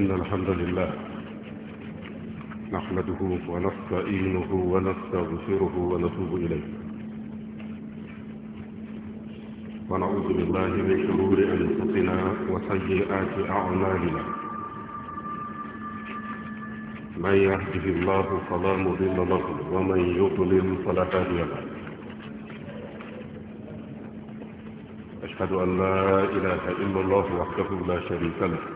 إن الحمد لله نحمده ونستعينه ونستغفره ونتوب إليه ونعوذ بالله من شرور أنفسنا وسيئات أعمالنا من يهده الله فلا مضل له ومن يضلل فلا هادي له أشهد أن لا إله إلا الله وحده لا شريك له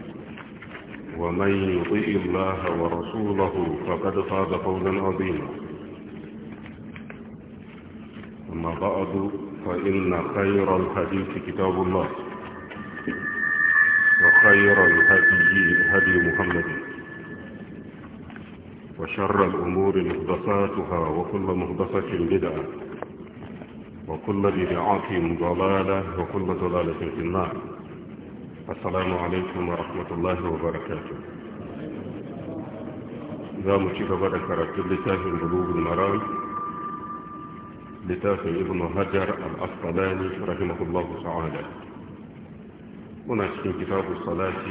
ومن يطئ الله ورسوله فقد فاز فوزا عظيما أما بعد فإن خير الحديث كتاب الله وخير الهدي هدي محمد وشر الأمور مهدساتها وكل مهدسة بدعة وكل بدعة ضلالة وكل ضلالة في النار السلام عليكم ورحمة الله وبركاته إذا مشيت بدأ كراتب لتاه بلوغ المرام لتاه ابن هجر الأسقلاني رحمه الله تعالى هنا في كتاب الصلاة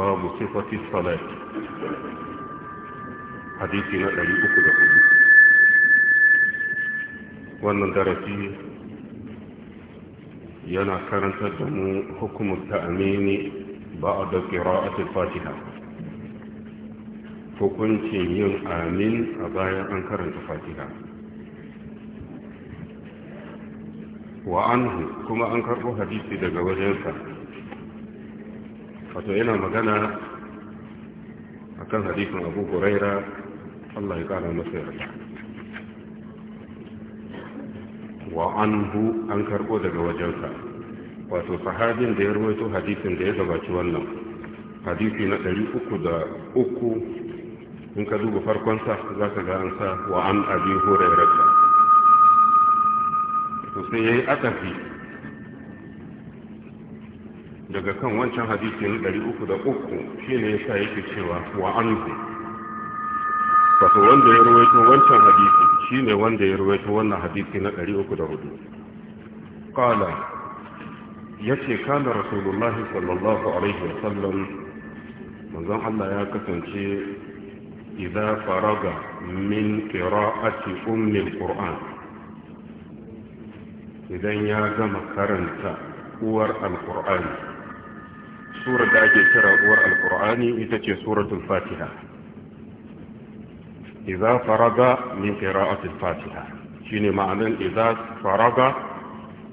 باب صفة الصلاة حديثنا الذي أخذ وأن درسي yana karanta da mu hukumar ta'amini ba a da ƙira'atul fatiha hukuncin yin amin a bayan an karanta fatiha wa anhu kuma an karɓo hadisi daga wajensa wato yana magana a kan hadisin abu huraira allah ya ƙara masa yarda wa anhu an karbo daga wajensa wato sahabin da ya rawaito hadisin da ya gabaci wannan hadisi na 303 in ka duba farkon sa za ka ga an sa wa an abi hurairata to sai yi atafi daga kan wancan hadisi na 303 shine yasa yake cewa wa hu. wato wanda ya ruwaito wancan hadisi shine wanda ya ruwaito wannan hadisi na 304 qala yace kana rasulullahi sallallahu alaihi wasallam manzon Allah ya kasance idza faraga min qira'ati ummi alquran idan ya gama karanta uwar alqur'ani surar da ake kira uwar alqur'ani ita ce suratul fatiha idza faraga min qira'ati al-fatiha shine ma'anan idza faraga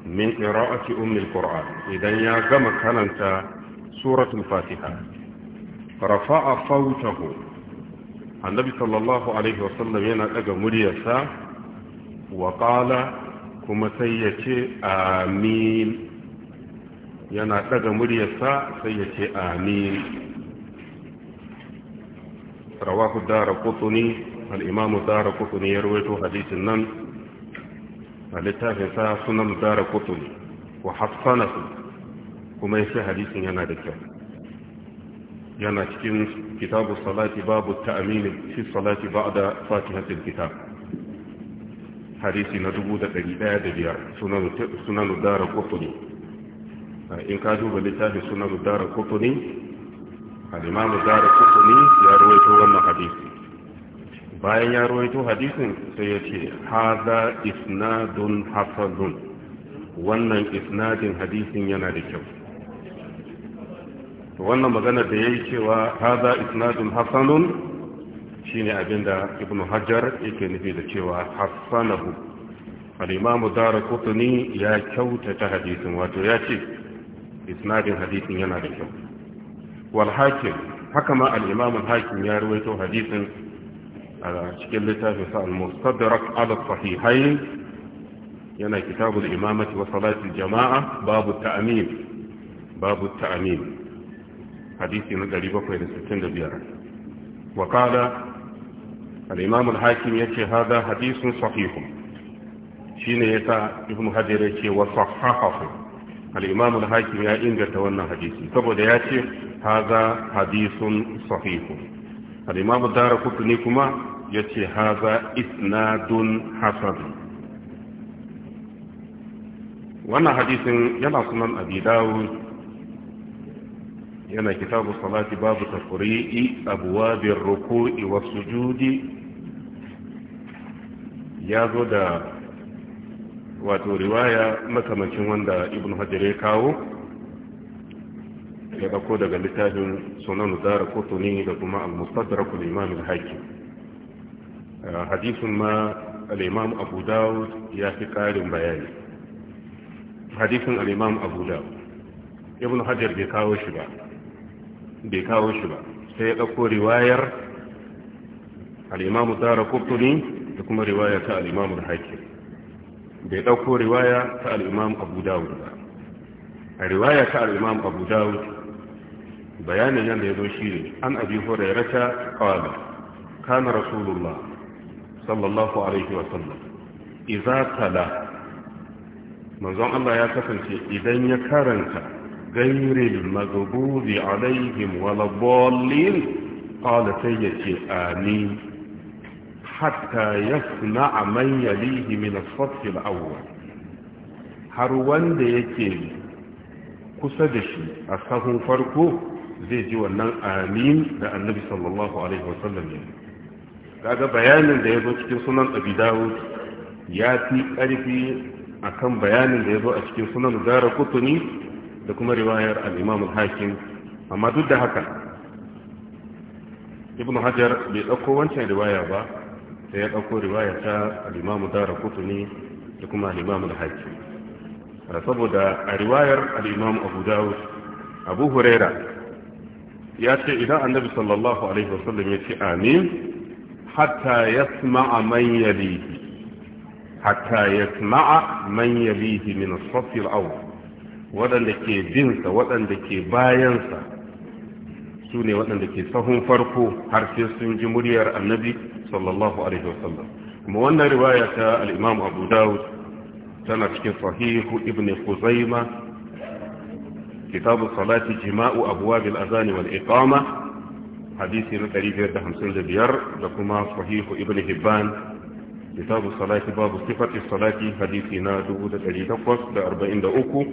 min qira'ati ummi al-qur'an idan ya gama karanta suratul fatiha rafa'a fawtahu annabi sallallahu alaihi wasallam yana daga muryarsa wa qala kuma sai yace amin yana ɗaga muryarsa sai yace amin rawahu darqutni al'imamu zara kutuni ya ruwaito hadisin nan a littafinsa sunan zara kutuni wa su kuma ya ce hadisin yana da kyau yana cikin kitabu salati babu ta'amini fi salati ba'da fatihatul kitab hadisi na dubu da da ɗari biyar sunan zara kutuni in ka duba littafin sunan dara kutuni al'imamu zara kutuni ya ruwaito wannan hadisi bayan ya rawaito hadisin sai ya ce haza isnadun hafazun wannan isnadin hadisin yana da kyau wannan magana da ya yi cewa haza isnadun hasanun shine abinda ibn hajar yake nufi da cewa hassanahu al'imamu dara kutuni ya kyautata hadisin wato ya ce isnadin hadisin yana da kyau wal hakim haka ma al'imamun hakim ya rawaito hadisin a cikin littafin sa al-mustadrak ala sahihain yana kitabul imamati wa salati jama'a babu ta'amin, babu ta'amin hadisi na 765 wa qala al-imam al-hakim yace hada hadisun sahihun shine yasa ibn hajar ce wa sahahahu الإمام الحاكم يا إنجا تولنا حديثي طب دياتي هذا حديث صحيح الإمام الدار كتني kuma. ya ce haza isnadun hasan wannan hadisin yana sunan abi dawud yana kitabu salati babu tafuri'i abuwabin ruku'i wasu judi. ya zo da wato riwaya makamancin wanda ibn hajar ya kawo ya ɗauko daga littafin sunan zara kotuni da kuma al-mustadrakul imam al-hakim hadisun ma al'imam abu dawud ya fi ƙarin bayani hadisun al'imam abu dawud ibn hajar bai kawo shi ba sai ya ɗauko riwayar al'imamu tsara kuftuni da kuma riwaya ta al'imamu da haƙi bai ɗauko riwaya ta al'imamu abu dawud ba a riwaya ta al'imamu abu dawud bayanin yadda ya zo shi ne an abi horarata ƙawala kana rasulullah sallallahu alaihi wasallam iza tala manzon Allah ya kasance idan ya karanta gairil maghdubi alaihim waladdallin qala sayyati ani hatta yasma'a man yalihi min as-saff al-awwal har wanda yake kusa da shi a sahun farko zai ji wannan amin da annabi sallallahu alaihi wasallam ya kaga bayanin da ya zo cikin sunan abi dawud ya fi ƙarfi akan bayanin da ya zo a cikin sunan zara kutuni da kuma riwayar al'imamun hakim amma duk da haka ibn hajar bai ɗauko wancan riwaya ba sai ya ɗauko riwaya ta al'imamun zara kutuni da kuma al'imamun imam al-hakim saboda a riwayar al abu dawud abu huraira ya ce idan annabi sallallahu alaihi wasallam ya ce amin hatta yasma'a man yalihi hatta yasma'a man yalihi min as-saff al-awwal waɗanda ke binsa waɗanda ke bayansa su ne waɗanda ke sahun farko har sai sun ji muryar annabi sallallahu alaihi wasallam kuma wannan riwaya ta al-imam abu dawud tana cikin sahihu ibn khuzaima kitabu salati jima'u abwab al-azan wal iqama حديث الكري في الحمسل دبير لكما صحيح ابن هبان كتاب الصلاة باب صفة الصلاة حديثنا دبود الكري تقص لأربعين دأوكو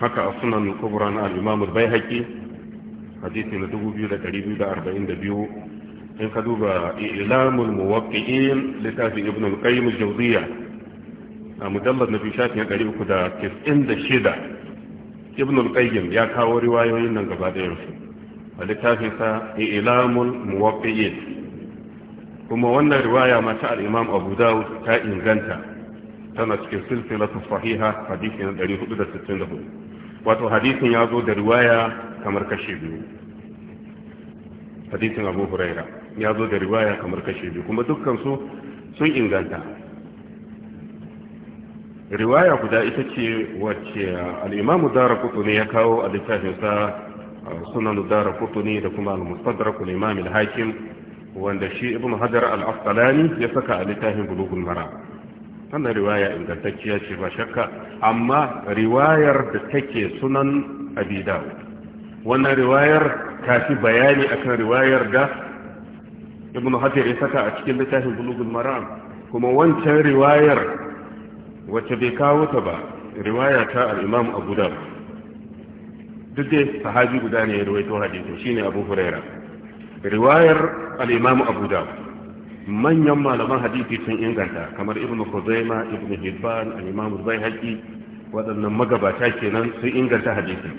حكى أصنا من قبران الإمام البيهكي حديثنا دبود الكري في الأربعين دبيو إن خدوب إعلام الموقعين لتاب ابن القيم الجوزية مجلد نبي شاكي يعني قريب كدا كس إن دشيدة ابن القيم يا كاوري وايوين نقبادين a littafinsa ilamun muwaqqi'in kuma wannan riwaya mata al-imam abu dawud ta inganta tana cikin silsilatu sahiha hadisi na 464 wato hadisin ya zo da riwaya kamar kashe biyu hadisin abu huraira ya zo da riwaya kamar kashe biyu kuma dukkan su sun inganta riwaya guda ita ce wacce al'imamu zara kutu ne ya kawo a littafinsa sunan dara kutuni da kuma al-mustadrak al-imam al-hakim wanda shi ibn hajar al-asqalani ya saka a littafin bulughul mara wannan riwaya ingantacciya ce ba shakka amma riwayar da take sunan abi dawud wannan riwayar ta fi bayani akan riwayar da ibn hajar ya saka a cikin littafin bulughul mara kuma wancan riwayar wacce bai kawo ta ba riwaya ta al-imam abu dawud duk dai sahabi guda ne ya rawaito hadisin shine Abu Huraira riwayar al-Imam Abu Dawud manyan malaman hadisi sun inganta kamar Ibn Khuzaima Ibn Hibban al-Imam Al-Baihaqi waɗannan magabata kenan sun inganta hadisi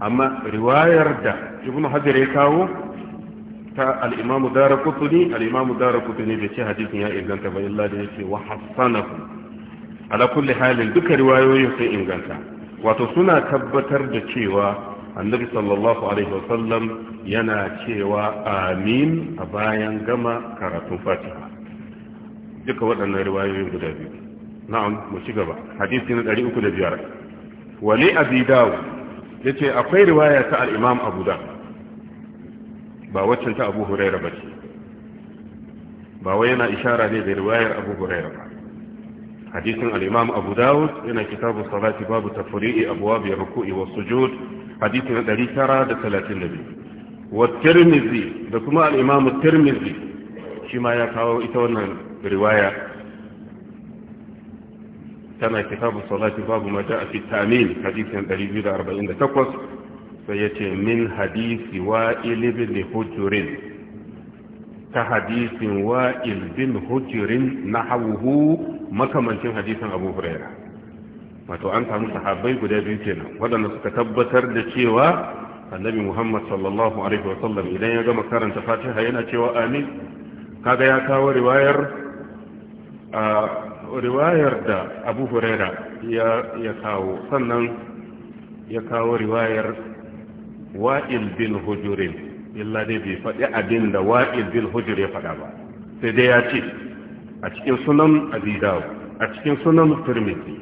amma riwayar da Ibn Hajar ya kawo ta al-Imam Daraqutni al-Imam Daraqutni bai ce hadisin ya inganta ba illa da yake wa hasanahu ala kulli halin duka riwayoyin sun inganta wato suna tabbatar da cewa annabi sallallahu alaihi wasallam yana cewa amin a bayan gama karatun fatiha duka waɗannan riwayoyin guda biyu na'am mu ci gaba hadisi na 305 wali abi dawo yace akwai riwaya ta al-imam abu da ba waccan ta abu hurairah bace ba wai yana ishara ne da riwayar abu hurairah ba hadisin al-imam abu dawud yana kitabu salati babu tafri'i abwab ar-ruku'i was-sujud hadisi na 932 wa tirmizi da kuma al-imam tirmizi shima ya kawo ita wannan riwaya tana kitabu salati babu ma ja'a fi ta'min hadisi na 248 sai yace min hadisi wa'il ibn hujrin ta hadisin wa'il bin na nahawuhu makamancin hadisin abu hurairah wato an samu sahabbai guda biyu kenan waɗanda suka tabbatar da cewa annabi muhammad sallallahu alaihi wasallam idan ya gama karanta fatiha yana cewa amin kaga ya kawo riwayar a riwayar da abu huraira ya kawo sannan ya kawo riwayar wa'il bin hujurin illa dai bai faɗi abin da wa'il bin hujur ya faɗa ba sai dai ya ce a cikin sunan Abidaw a cikin sunan turmiti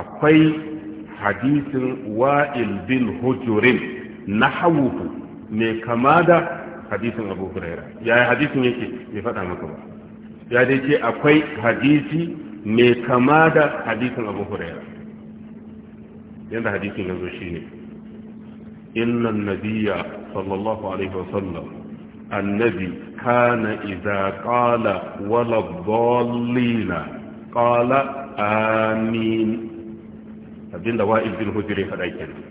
akwai hadisin wa'il bin hujurin na hawuhu mai kama da hadisin abu huraira yaya hadisin yake bai faɗa maka ba ya dai ce akwai hadisi mai kama da hadisin abu huraira yadda hadisin ya zo shi ne innan nabiya sallallahu alaihi wasallam annabi kana iza qala wala dhallina qala amin abinda wa'il bin hujri fada kenan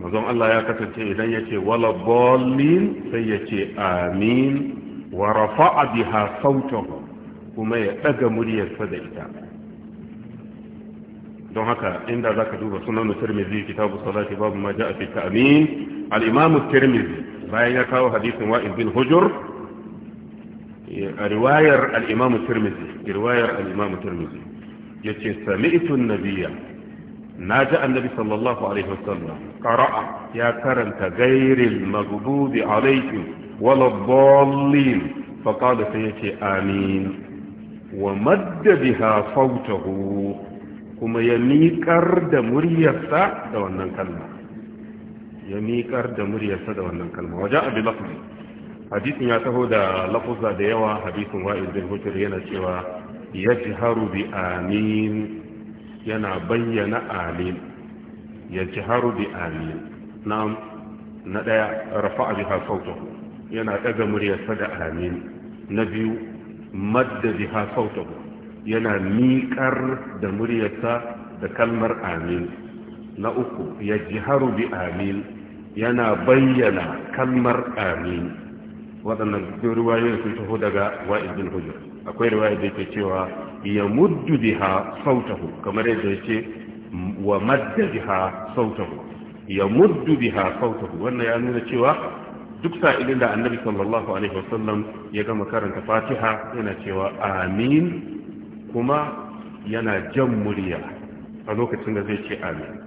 manzon Allah ya kasance idan yace wala bolin sai yace amin wa rafa'a biha sautahu kuma ya daga muryarsa da ita don haka inda zaka duba sunan Tirmidhi kitabu salati babu ma ja'a fi ta'min al-imam Tirmidhi bayan ya kawo hadisin wa'il bin hujr riwayar al-imam Tirmidhi riwayar al-imam Tirmidhi yace sami'tu an-nabiyya na ji annabi sallallahu alaihi wasallam qara'a ya karanta gairil maghdubi alaihim wala dallin fa qala sai yace amin wa madda biha sautahu kuma ya miƙar da muryarsa da wannan kalma ya miƙar da muryarsa da wannan kalma waje abi lafazi hadisin ya taho da lafuza da yawa hadisin wa'il bin hujr yana cewa yajharu bi amin yana bayyana amin ya ji haru bi amin na na ɗaya rafa a biha sautu yana ɗaga muryarsa da amin na biyu madda biha sautu yana miƙar da muryarsa da kalmar amin na uku ya ji haru bi amin yana bayyana kalmar amin waɗannan riwayoyin sun taho daga wa'id hujjar akwai riwayar da ke cewa ya biha sautahu kamar yadda yake wa madda biha sautahu ya muddu biha sautahu wannan ya nuna cewa duk sa'ilin da annabi sallallahu alaihi wasallam ya gama karanta fatiha yana cewa amin kuma yana jan murya a lokacin da zai ce amin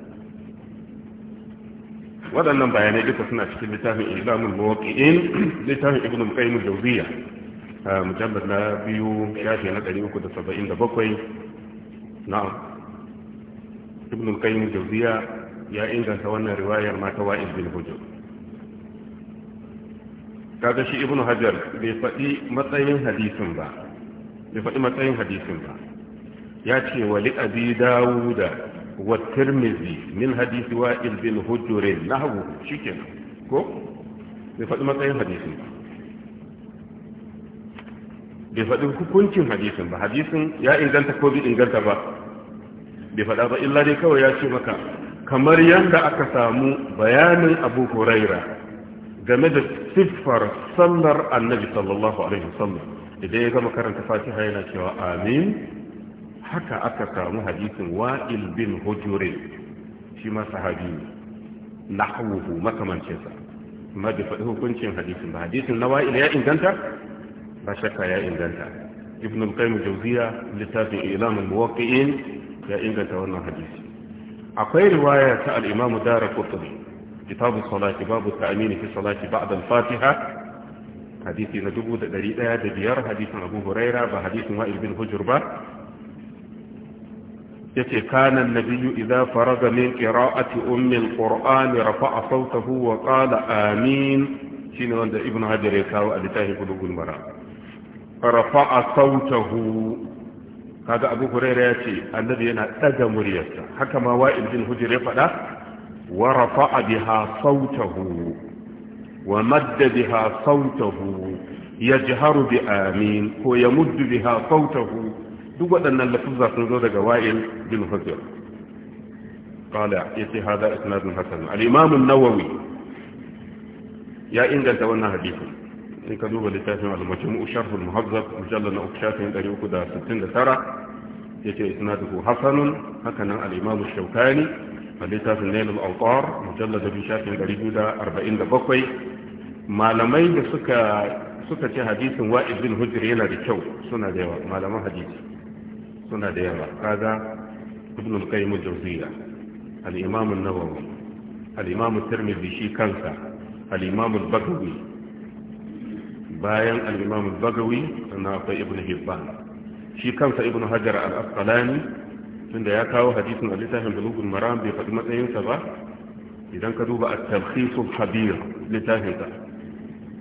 waɗannan bayanai duka suna cikin littafin ilamul mawaƙi'in littafin ibn qayyim jawziya mujallar na biyu shafi na 377 na ibn al-qayyim jawziya ya inganta wannan riwayar mata wa'il bin hujur kaga shi ibn hajar bai faɗi matsayin hadisin ba bai faɗi matsayin hadisin ba ya ce wa abi dawuda wa tirmizi min hadisi wa'il bin na nahwu shikenan ko bai faɗi matsayin hadisin ba bai faɗi hukuncin hadisin ba hadisin ya inganta ko bai inganta ba bai faɗa ba illa dai kawai ya ce maka kamar yadda aka samu bayanin abu huraira game da siffar sallar annabi sallallahu alaihi wasallam idan ya gama karanta fatiha yana cewa amin haka aka samu hadisin wa'il bin hujure shi ma sahabi ne nahwuhu makamancinsa amma bai faɗi hukuncin hadisin ba hadisin na wa'il ya inganta لا شك يا إن إنجلتا ابن القيم الجوزية لتابي إعلام الموقعين يا إن إنجلتا وانا حديثي أقير رواية سأل إمام دار قرطبي كتاب الصلاة باب التأمين في الصلاة بعد الفاتحة حديثي نجبو دريدة دبيار حديث أبو هريرة وحديث وائل بن هجربة يتي كان النبي إذا فرغ من قراءة أم القرآن رفع صوته وقال آمين شنو عند ابن هجر يكاو ألتاه قلوب المرأة rafa'a sautahu kaga abu huraira ya ce annabi yana ɗaga muryarsa haka ma wa'il bin hujr ya faɗa wa rafa'a biha sautahu wa madda biha sautahu ya jiharu bi amin ko ya muddu biha sautahu duk waɗannan lafuzza sun zo daga wa'il bin hujr qala yace hada isnadun hasan al-imam an-nawawi ya inganta wannan hadisin in ka duba littafin al-majmu muhazzab mujallal na yace isnaduhu hasanun hakanan al-imam ash-shawkani a littafin da malamai da suka suka ce hadisin wa'id bin hujr yana da kyau suna da yawa malaman hadisi suna da yawa kaga ibn al-qayyim al-jawziyya al-imam an-nawawi al-imam at-tirmidhi shi kansa al-imam al-baghawi bayan al bagawi sannan akwai ibn hibban shi kansa ibn hajar al-asqalani tunda ya kawo hadisin a littafin bulugul maram bai faɗi matsayinsa ba idan ka duba a tarkhis al-habir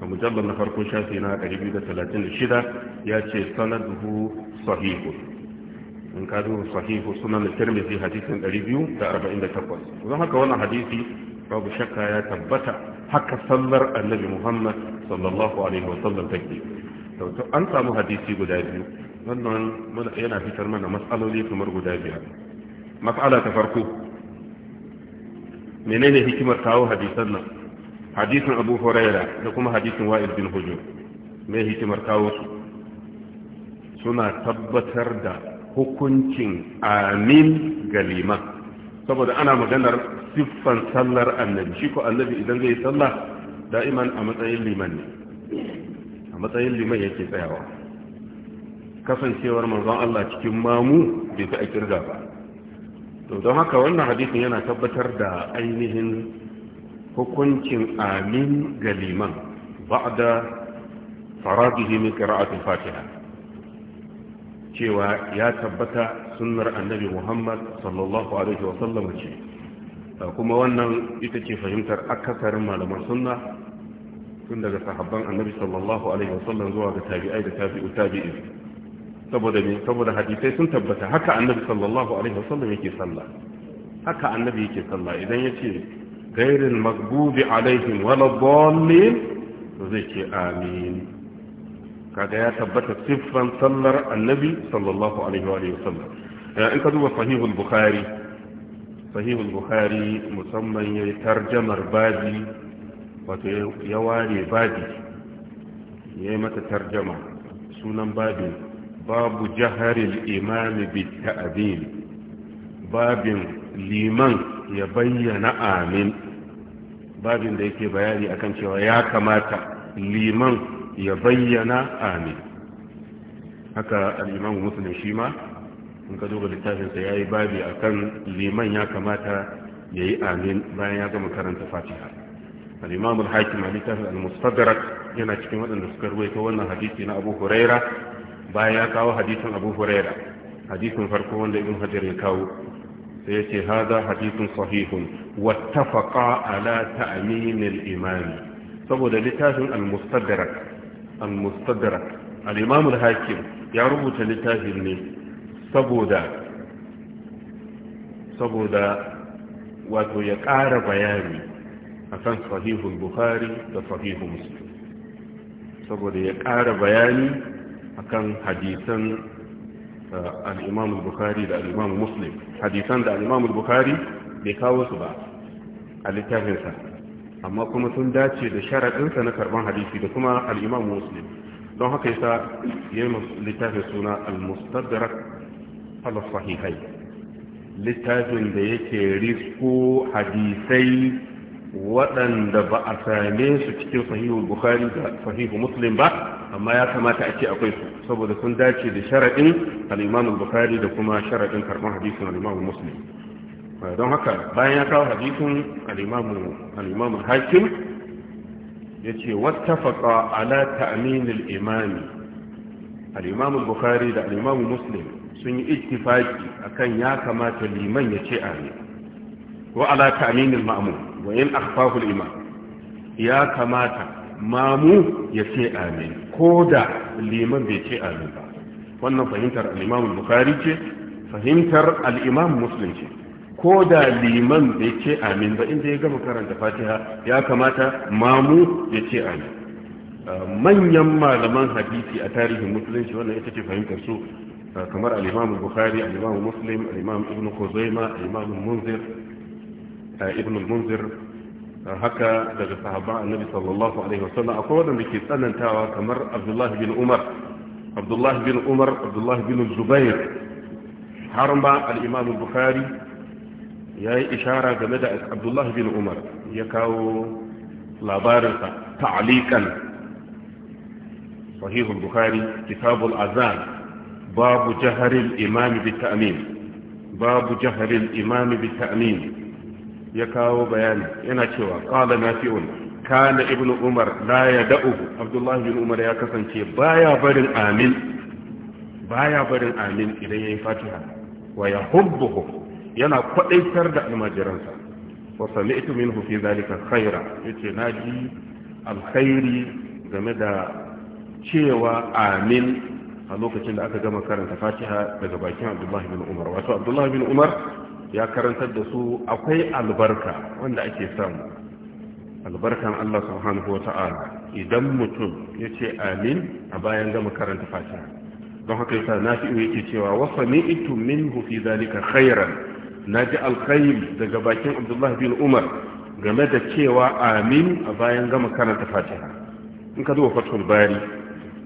a mujallar na farko shafi na 236 ya ce sanaduhu sahihu in ka duba sahihu sunan tirmidhi hadisin 248 don haka wannan hadisi babu shakka ya tabbata haka sallar annabi muhammad sallallahu alaihi wa wasallam take to an samu hadisi guda biyu wannan yana fitar mana matsaloli kamar guda biyar matsala ta farko menene hikimar kawo hadisan nan hadisin abu huraira da kuma hadisin wa'il bin hujur me hikimar kawo su suna tabbatar da hukuncin amin ga liman saboda ana maganar siffan sallar annabi shi ko annabi idan zai sallah da'iman a matsayin liman ne a matsayin liman yake tsayawa kasancewar manzon Allah cikin mamu bai fi a kirga ba to don haka wannan hadisin yana tabbatar da ainihin hukuncin amin ga liman ba'da faradihi min qira'atil fatiha cewa ya tabbata sunnar annabi Muhammad sallallahu alaihi sallam ce kuma wannan ita ce fahimtar akasarin malaman sunna tun daga sahabban annabi sallallahu alaihi wasallam zuwa ga tabi'ai da tabi'u tabi'i saboda ne saboda hadisai sun tabbata haka annabi sallallahu alaihi wasallam yake sallah haka annabi yake sallah idan yace ghairil maghdubi alaihim waladdallin to zai ce amin kaga ya tabbata siffan sallar annabi sallallahu alaihi wa sallam in ka duba sahihul bukhari sahihul Buhari, musamman ya yi tarjamar babi wato ya ware babi ya yi mata tarjama sunan babin babu jaharil imami bi ta'adin babin liman ya bayyana amin babin da yake bayani akan cewa ya kamata liman ya bayyana amin haka al'imamu musulun shi ma in ka duba littafinsa ya yi babi a kan liman ya kamata ya yi amin bayan ya gama karanta fatiha al'imam al-hakim a littafin al-mustadrak yana cikin waɗanda suka ruwaita wannan hadisi na abu huraira bayan ya kawo hadisin abu huraira hadisin farko wanda ibn hajar ya kawo sai yace hada hadisin sahihun wattafaqa ala ta'min al-imam saboda littafin al-mustadrak al-mustadrak al-imam al-hakim ya rubuta littafin ne saboda saboda wato ya ƙara bayani akan sahihul Buhari da sahihul muslim saboda ya ƙara bayani akan hadisan eh, al-imam bukhari da al-imam muslim hadisan da al Buhari bai kawo su ba a littafinsa amma kuma sun dace da sharaɗinsa na karban hadisi da kuma al-imam muslim don haka yasa yayin littafin suna al-mustadrak ala sahihai littafin da yake risko hadisai waɗanda ba a same su cikin sahihul bukari da sahihu muslim ba amma ya kamata a ce akwai su saboda sun dace da sharaɗin al bukari da kuma sharaɗin karɓar hadisin al muslim don haka bayan ya kawo hadisin al-imam hakim ya ce ala ta'min imami al da al muslim sun yi ittifaki akan ya kamata liman ya ce amin wa ala ta'minil ma'mum wa in akhfahu imam ya kamata mamu ya ce amin koda liman bai ce amin ba wannan fahimtar al-imam bukhari ce fahimtar al-imam muslim ce ko da liman bai ce amin ba inda ya gama karanta fatiha ya kamata mamu ya ce amin manyan malaman hadisi a tarihin musulunci wannan ita ce fahimtar su آه، كمر الإمام البخاري الإمام مسلم الإمام ابن خزيمة الإمام المنذر آه، ابن المنذر آه، هكا دغ صحابة النبي صلى الله عليه وسلم أقول لك أن كمر عبد الله بن عمر عبد الله بن عمر عبد الله بن الزبير حرم الإمام البخاري يا إشارة جمدة عبد الله بن عمر يكاو لابارسة تعليقا صحيح البخاري كتاب الأذان babu jaharil imami bi babu jaharil imami bi ya kawo bayani yana cewa qala nafi'un kana ibnu umar la yad'u abdullahi bin umar ya kasance baya barin amin baya barin amin idan yayi fatiha wa yahubbuhu yana kwadaitar da almajiransa wa sami'tu minhu kaira. zalika khaira yace naji alkhairi game da cewa amin a lokacin da aka gama karanta fatiha daga bakin abdullahi bin umar wato abdullahi bin umar ya karantar da su akwai albarka wanda ake samu albarkan allah subhanahu wa ta'ala idan mutum ya ce amin a bayan gama karanta fatiha don haka yasa na fi yake cewa wasa ni itu minhu fi zalika khairan na ji alkhairi daga bakin abdullahi bin umar game da cewa amin a bayan gama karanta fatiha in ka duba fatul bari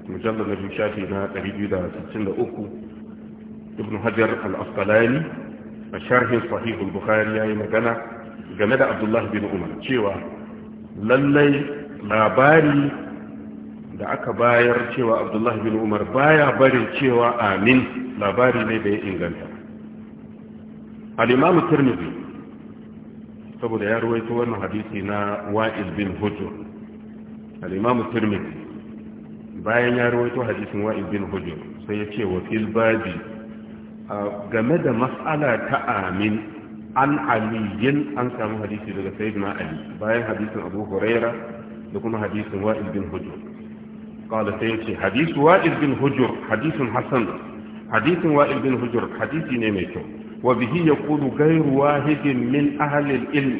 mujallar na biyu shafi na 263 ibn hajar al-asqalani a sharhin sahih al-bukhari yayi magana game da abdullah bin umar cewa lallai labari da aka bayar cewa abdullah bin umar baya barin cewa amin labari ne da ya inganta al-imam saboda ya ruwaito wannan hadisi na wa'il bin hujr al-imam bayan ya rawaito hadisin wa'il bin hujr sai ya ce wa fil babi game da mas'ala ta amin an aliyin an samu hadisi daga sayyidina ali bayan hadisin abu huraira da kuma hadisin wa'il bin hujr qala sai ya ce hadisu wa'il bin hujr hadisin hasan hadisin wa'il bin hujr hadisi ne mai kyau wa bihi yaqulu ghayru wahidin min ahli al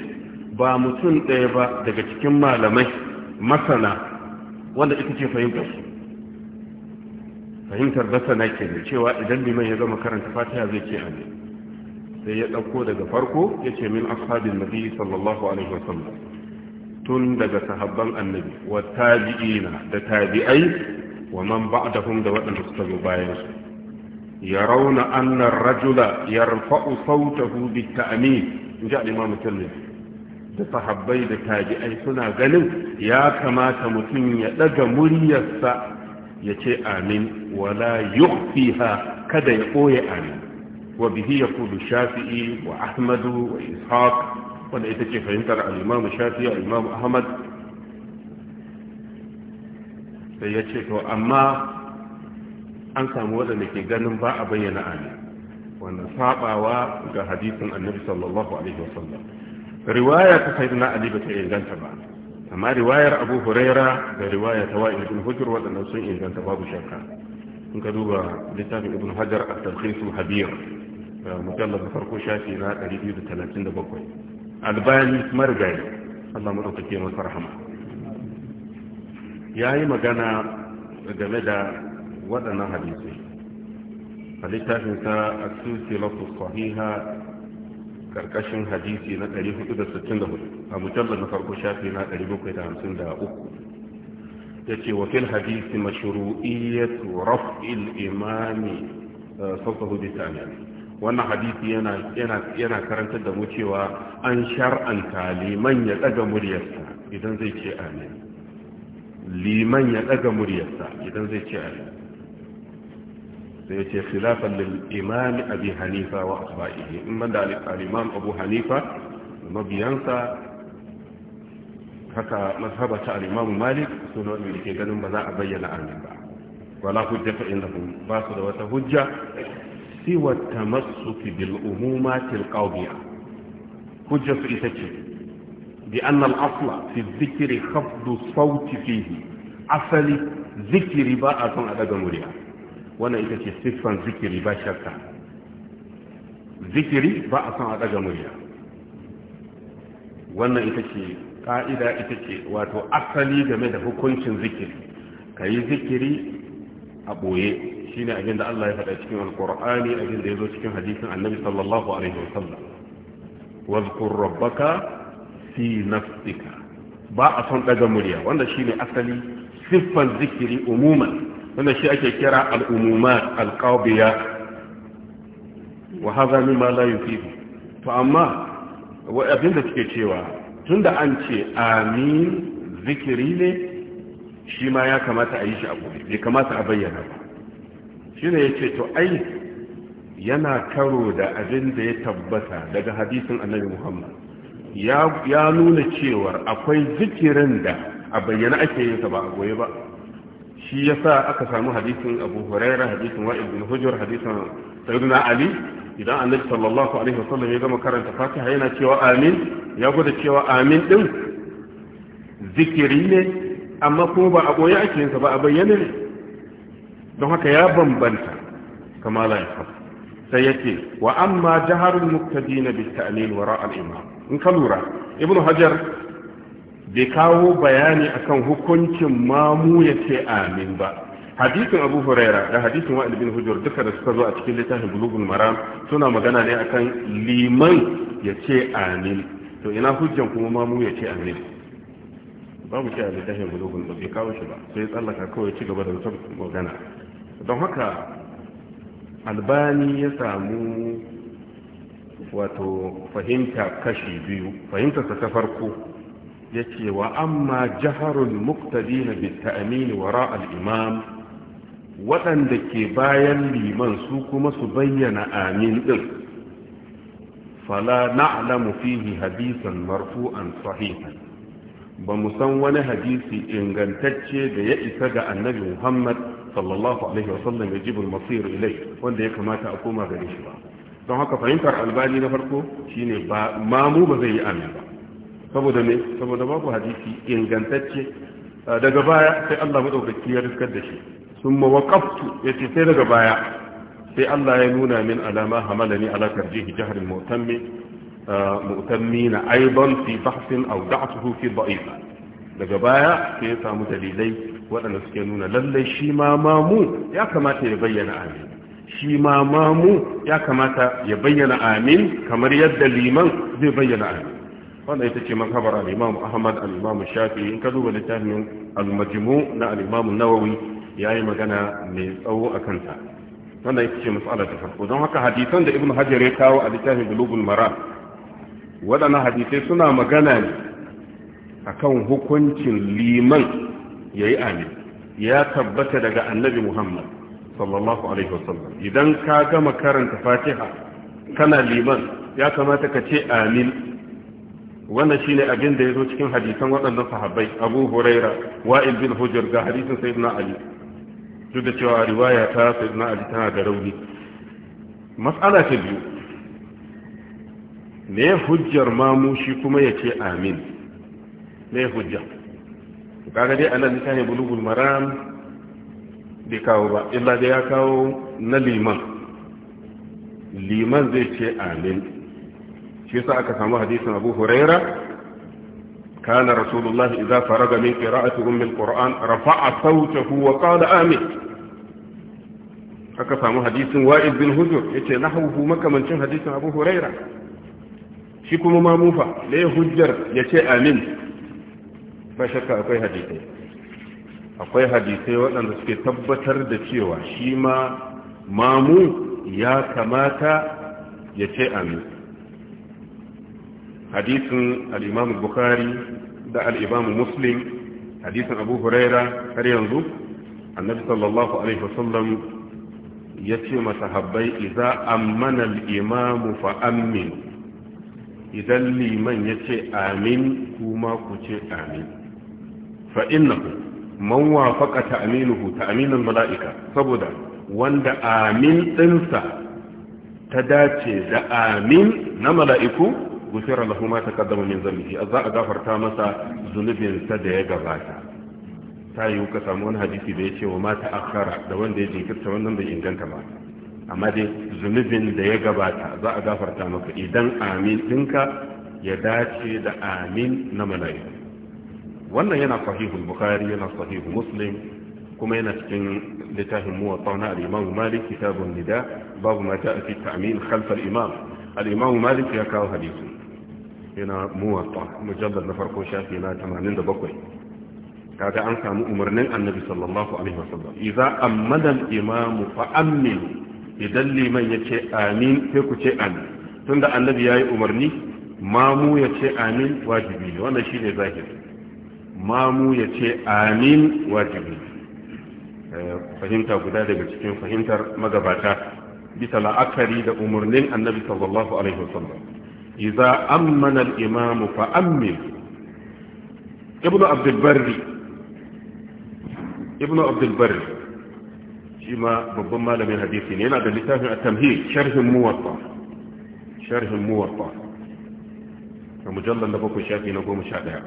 ba mutum ɗaya ba daga cikin malamai masana wanda ita ce fahimtar fahimtar basana ke da cewa idan liman ya zama karanta fatiha zai ce amin sai ya ɗauko daga farko ya ce min ashabin nabi sallallahu alaihi wasallam tun daga sahabban annabi wa tabi'ina da tabi'ai wa man ba'dahum da waɗanda suka zo bayan su Ya rauna annar rajula yarfa'u sautahu, bit-ta'min in al-imam tirmidhi da sahabbai da tabi'ai suna ganin ya kamata mutum ya ɗaga muryarsa ya ce amin wala yukhfiha kada ya ɓoye amin wa bihi yaqulu shafi'i wa ahmadu wa ishaq wanda ita ce fahimtar al shafi'i al ahmad sai ya ce to amma an samu waɗanda ke ganin ba a bayyana amin wanda sabawa ga hadisin annabi sallallahu alaihi wasallam riwaya ta sayyidina ali ba ta inganta ba amma riwayar abu huraira da riwaya ta wa'in ibn hujjar waɗannan sun inganta babu shakka in ka duba littafin ibn hajar a tarhisu habir eh, mujallar da farko shafi na 237 albani marigayi allah maɗaukake masa rahama ya yi magana game da waɗannan hadisai a littafinsa a lafus sahiha karkashin hadisi na 464 a mujallar na farko shafi na 753 yace ce fil hadisi mashru'iyyatu raf'il imami eh, sauƙahu bi wannan hadisi yana yana yana karantar da mu cewa an shar'anta liman ya daga muryarsa idan zai ce amin liman ya daga muryarsa idan zai ce amin sai ya ce khilafan lil imam abi hanifa wa asba'ihi in man da al imam abu hanifa mabiyansa haka mazhaba ta al imam malik suna wanda ke ganin ba za a bayyana amin ba wala hujjata innahum ba su da wata hujja siwa tamassuki bil umumat al qawiyya hujjatu ita ce bi بأن الأصل في الذكر asali الصوت ba a son a daga مريئة wannan ita ce siffan zikiri ba shakka zikiri ba a san a ɗaga murya wannan ita ce ƙa'ida ita ce wato asali game da hukuncin zikiri ka yi zikiri a ɓoye shi ne abinda Allah ya faɗa cikin alƙur'ani abinda ya zo cikin hadisin annabi sallallahu alaihi wasallam wazkur rabbaka fi nafsika ba a son ɗaga murya wanda shi ne asali siffan zikiri umuman wannan shi ake kira al’umuma alƙawbiya wa haza mimma la yufidu to amma abin da suke cewa tunda an ce amin zikiri ne shi ma ya kamata a yi shi a gobe bai kamata a bayyana ba shi ne ya ce to ai yana karo da abin da ya tabbata daga hadisin annabi muhammad ya nuna cewar akwai zikirin da a bayyana ake yin sa ba a goye ba shi ya sa aka samu hadisin Abu Huraira hadisin Wa'il bin Hujr hadisin Sayyidina Ali idan Annabi sallallahu alaihi wasallam ya gama karanta Fatiha yana cewa amin ya gwada cewa amin din zikiri ne amma kuma ba a goye ake yin ba a bayyane ne don haka ya bambanta kama la yafa sai yake wa amma jaharul muqtadin bil ta'lil wara al imam in ka lura ibnu hajar bai kawo bayani akan hukuncin mamu ya ce amin ba hadisin abu huraira da hadisin wa'il bin hujur duka da suka zo a cikin littafin bulugun maram suna magana ne akan liman ya ce amin to ina hujjan kuma mamu ya ce amin babu ce a littafin bulugun ba bai kawo shi ba sai tsallaka kawai ci gaba da wata magana don haka albani ya samu wato fahimta kashi biyu fahimtarsa ta farko ce wa amma jaharul muqtadina bit ta'min wara al imam waɗanda ke bayan liman su kuma su bayyana amin ɗin fala na'lamu fihi hadisan marfu'an sahihan ba mu san wani hadisi ingantacce da ya isa ga annabi Muhammad sallallahu alaihi wasallam ya jibul masir ilai wanda ya kamata a koma gare shi ba don haka fahimtar albani na farko shine ba mamu ba zai yi amin ba saboda ne saboda babu hadisi ingantacce ah, daga baya sai Allah madaukaki ya riskar da shi summa ya ce sai daga baya sai Allah ya nuna min alama hamalani ala tarjihi jahr al-mu'tammi ah, mu'tammina aidan fi bahsin aw da'tuhu fi daga baya sai ya samu dalilai waɗanda suke nuna lallai shi ma mamu ya kamata ya bayyana amin shi ma mamu ya kamata ya bayyana amin kamar yadda liman zai bayyana amin wanda ita ce mazhabar al-Imam Ahmad al-Imam Shafi in ka duba littafin al-Majmu na al-Imam Nawawi yayi magana mai tsawo akan ta wanda ita ce mas'ala ta farko don haka hadisan da Ibn Hajar ya kawo a littafin Mara Maram waɗannan hadisai suna magana ne akan hukuncin liman yayi amin ya tabbata daga Annabi Muhammad sallallahu alaihi wasallam idan ka gama karanta Fatiha kana liman ya kamata ka ce amin wannan shine abin da ya zo cikin hadisan waɗannan sahabbai abu huraira wa Ibn hujjar ga hadisin sayyidina ali duk da cewa riwaya ta sayyidina ali tana da rauni mas'ala ta biyu ne hujjar mamu shi kuma ya ce amin ne hujja kaga dai anan littafin bulugul maram bai kawo ba illa dai ya kawo na liman liman zai ce amin shi sa aka samu hadisin Abu Huraira kana Rasulullahi idza faraga min qira'ati ummi al-Qur'an rafa'a sawtahu wa qala amin aka samu hadisin Wa'id bin Hujr yace nahwu makamancin hadisin Abu Huraira shi kuma mamufa da hujjar ya ce amin ba shakka akwai hadisai akwai hadisai waɗanda suke tabbatar da cewa shi ma mamu ya kamata ya ce amin hadisin al-imam bukhari da al muslim hadisin abu huraira har yanzu annabi sallallahu alaihi wasallam ya ce masahabbai idza ammana al-imam fa ammin idan liman ya ce amin kuma ku ce amin fa innahu man aminuhu ta aminan mala'ika saboda wanda amin dinsa ta dace da amin na mala'iku gufira lahu ma taqaddama min zambihi za a gafarta masa zunubin sa da ya gabata ta yi ka samu wani hadisi da ya ce wa mata akhara da wanda ya jinkirta wannan bai inganta ba amma dai zunubin da ya gabata za a gafarta maka idan amin ɗinka ya dace da amin na mala'iku wannan yana sahihul bukhari yana sahihul muslim kuma yana cikin littafin muwatta na al-Imam Malik kitabun nida babu mata a fi ta'min khalf imam al-Imam Malik ya kawo hadisi yana muwatta mujallar na farko shafi na 87 kaga an samu umarnin annabi sallallahu alaihi wasallam idza ammana al-imamu fa ammin idan liman yace amin sai ku ce amin tunda annabi yayi umarni mamu yace amin wajibi ne wannan shine zahiri mamu yace amin wajibi eh, fahimta guda daga cikin fahimtar magabata bisa la'akari da umarnin annabi sallallahu alaihi wasallam idza ammana al-imamu fa ammin ibnu abdul barri ibnu abdul barri shi ma babban malamin hadisi ne yana da littafin a tamhid sharhin muwatta sharhin muwatta a mujallal da bakwai shafi na goma sha daya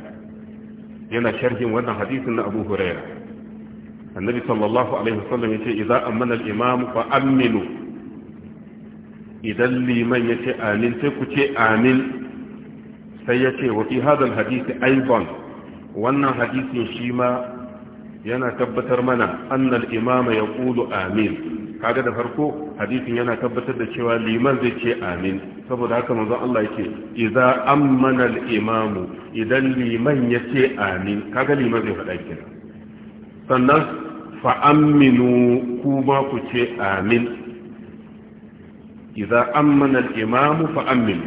yana sharhin wannan hadisin na abu huraira annabi sallallahu alaihi wasallam yace idza ammana al-imamu fa amminu idan liman ya ce amin sai ku ce amin sai ya ce wa fi hadal hadisi aibon wannan hadisin shi ma yana tabbatar mana annal imama ya kulu amin kaga da farko hadisin yana tabbatar da cewa liman zai ce amin saboda haka manzon Allah yake idza ammana al imamu idan liman ya ce amin kaga liman zai faɗa kina sannan fa aminu kuma ku ce amin idza ammana al-imam fa ammin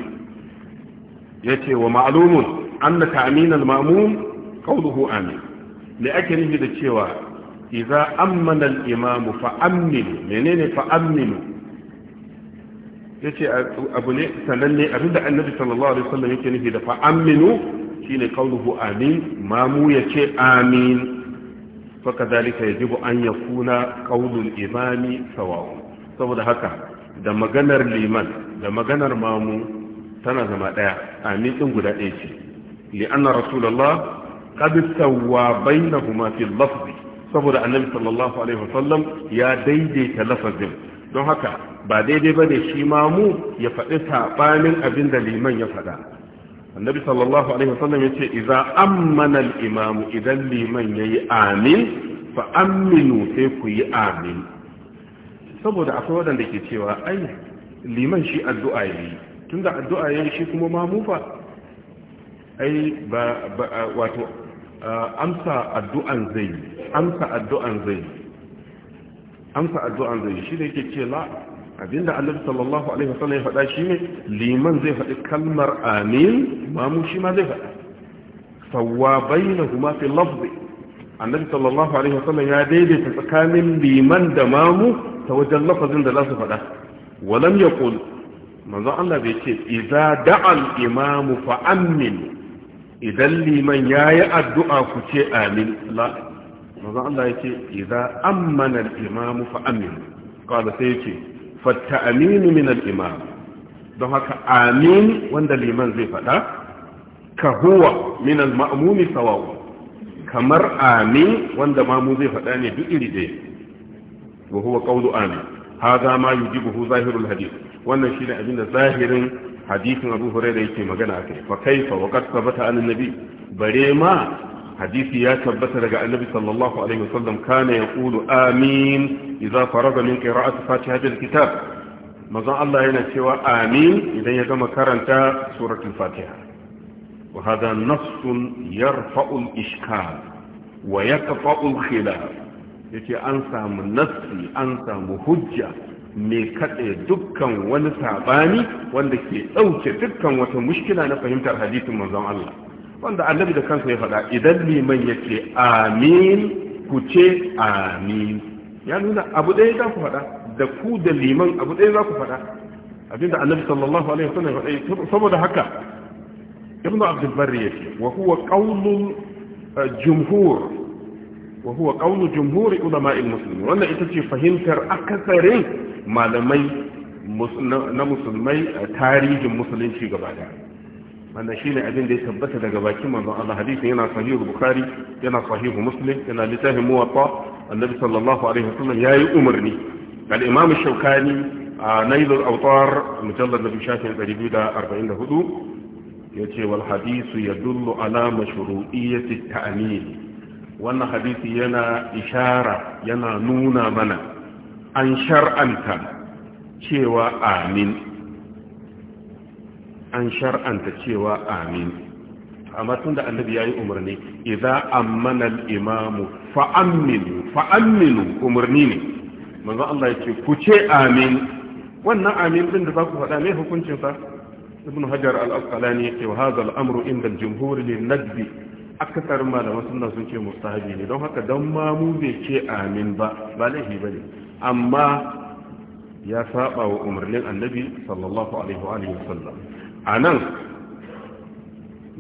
yace wa ma'lumun anna ta'min al-ma'mum qawluhu amin me ake nufi da cewa idza ammana al-imam fa menene fa ya ce abu ne sananne abinda annabi sallallahu alaihi wasallam yake nufi da fa'aminu shine qauluhu amin mamu yace amin fa kadhalika yajibu an yakuna qaulul imami sawa'un saboda haka da maganar liman da maganar mamu tana zama ɗaya amin ɗin guda ɗaya ce li'anna rasulullah qad sawwa bainahuma fi lafzi saboda annabi sallallahu alaihi sallam ya daidaita lafazin don haka ba daidai bane shi mamu ya faɗi sabanin abin da liman ya faɗa annabi sallallahu alaihi wasallam yace idza ammana al idan liman yayi amin fa aminu sai ku yi amin saboda akwai waɗanda ke cewa ai liman shi addu'a ya yi tun da addu'a ya yi shi kuma mamufa ai ba wato amsa addu'an zai yi, amsa addu'an zai yi. amsa addu'an zai yi shi da yake ce la abinda annabi sallallahu alaihi wa sallam ya faɗa shi ne liman zai faɗi kalmar amin mamu shi ma zai faɗa sawwa bainahuma fi lafzi annabi sallallahu alaihi wasallam ya daidaita tsakanin liman da mamu ta wajen lafazin da za su faɗa walam yaqul manzo Allah bai ce idza da'a al-imam fa amin idan liman yayi addu'a ku ce amin la manzo Allah yake idza ammana al-imam fa amin qala sai yake fa ta'min min al-imam don haka amin wanda liman zai faɗa ka huwa min al-ma'mum sawa'u kamar amin wanda mamu zai faɗa ne duk iri ɗaya wa huwa qawlu amin hadha ma yujibuhu zahirul hadith wannan shine abin da zahirin hadisin Abu Hurairah yake magana akai fa kaifa wa qad sabata an nabi bare ma hadisi ya tabbata daga annabi sallallahu alaihi wasallam kana yaqulu amin idza faraga min qira'ati fatihatil kitab magan Allah yana cewa amin idan ya gama karanta suratul fatiha وهذا نص يرفع الإشكال ويكفأ الخلاف يتي أنسى من نصي أنسى مهجة mai kaɗe dukkan wani saɓani wanda ke ɗauke dukkan wata mushkila na fahimtar hadisi manzon Allah wanda annabi da kansa ya faɗa idan liman ya amin ku ce amin ya nuna abu ɗaya za ku faɗa da ku da liman abu ɗaya za ku faɗa abinda annabi sallallahu alaihi wasallam ya faɗa saboda haka ابن عبد البر وهو قول الجمهور آه، وهو قول جمهور علماء المسلمين وانا اتجي فهمتر اكثر ما لمي نمسلمي آه، تاريخ المسلمين شي قبالا وانا شيني ادين دي ثبت دا قباكي ما ظهر الحديث ينا صحيح البخاري ينا صحيح مسلم ينا لتاه موطا النبي صلى الله عليه وسلم ياي امرني الامام الشوكاني آه، نيل الاوطار مجلد نبي شاكي البريبي دا 44 ya ce wal hadisu ya dullu ala mashru'iyyati ta'min wannan hadisi yana ishara yana nuna mana an shar'anta cewa amin an shar'anta cewa amin amma da annabi yi umarni iza ammana al-imamu fa aminu umarni ne manzo Allah ce ku ce amin wannan amin din da za ku faɗa ne hukuncinsa. ibn hajar al-asqalani yake wa hadha al-amru inda al-jumhur lin-najb akthar malaman sunna sun ce mustahabi ne don haka dan ma mu bai ce amin ba ba laifi bane amma ya saba wa umarnin annabi sallallahu alaihi wa alihi wasallam anan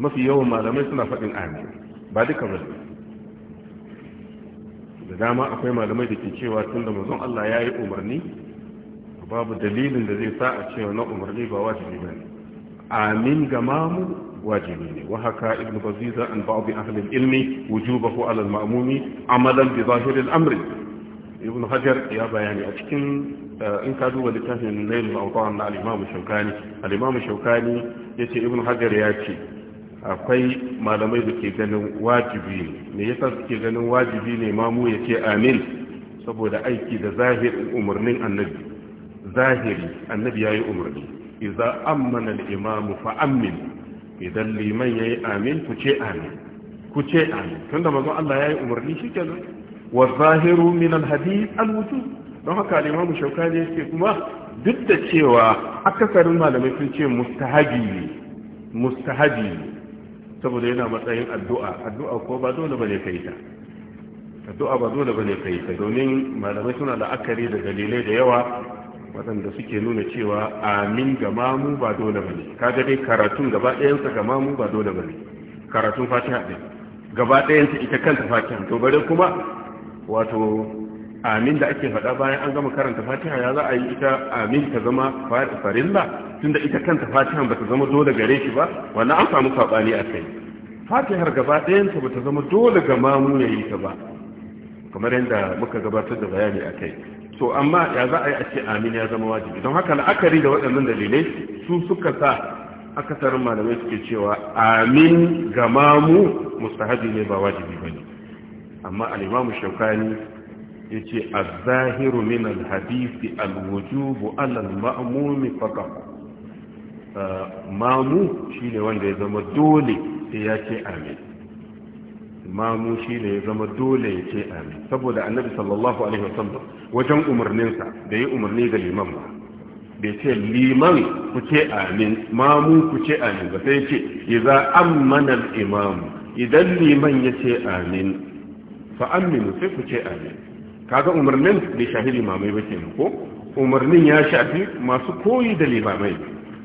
mafi yawan malamai suna faɗin amin ba duka ba da dama akwai malamai da ke cewa tun da mazon Allah ya yi umarni babu dalilin da zai sa a cewa na umarni ba wajibi ba ne amin ga mamu wajibi ne wa haka ibn baziza an ba'd ahli al-ilmi wujubahu ala al-ma'mumi amalan bi zahir al-amr ibn hajar ya bayani a cikin in ka duba littafin lail al-awtan na al-imam shaukani al-imam yace ibn hajar ya ce akwai malamai da ke ganin wajibi ne me yasa suke ganin wajibi ne mamu yace amin saboda aiki da zahir umarnin annabi zahiri annabi yayi umarni iza ammana al-imamu idan liman yayi amin ku ce amin ku ce amin tunda manzo Allah yi umarni shikenan wa zahiru min al al don haka limamu imamu shaukani ce kuma duk da cewa akasarin malamai sun ce mustahabi ne mustahabi ne saboda yana matsayin addu'a addu'a ko ba dole bane kai ta addu'a ba dole bane kai ta domin malamai suna la'akari da dalilai da yawa waɗanda suke nuna cewa amin ga mamu ba dole ba ne kaga dai karatun gaba ɗayansa ga mamu ba dole ba ne karatun fatiha ɗin gaba ɗayansa ita kanta fatiha to bare kuma wato amin da ake faɗa bayan an gama karanta fatiha ya za a yi ita amin ta zama farilla tunda ita kanta fatiha ba ta zama dole gare shi ba wannan an samu saɓani a kai fatihar gaba ɗayansa ba ta zama dole ga mamu ya yi ta ba kamar yadda muka gabatar da bayani a kai to amma ya za a yi a ce amin ya zama wajibi don haka la'akari da waɗannan dalilai su suka sa akasarin malamai suke cewa amin ga mamu mustahabi ne ba wajibi ba ne amma alimamu shaukani ya ce a zahiru min alhadisi alwujubu alal ma'amumi faka uh, mamu shi ne wanda ya zama dole sai ya ce amin mamu shi ne ya zama dole ya ce amin saboda annabi sallallahu alaihi wasallam wajen umarninsa da ya umarni ga liman ba bai ce liman ku ce amin mamu ku ce amin ba sai ce idza ammana al-imam idan liman ya ce amin fa aminu sai ku ce amin kaga umarnin bai shafi limamai ba kenan ko umarnin ya shafi masu koyi da limamai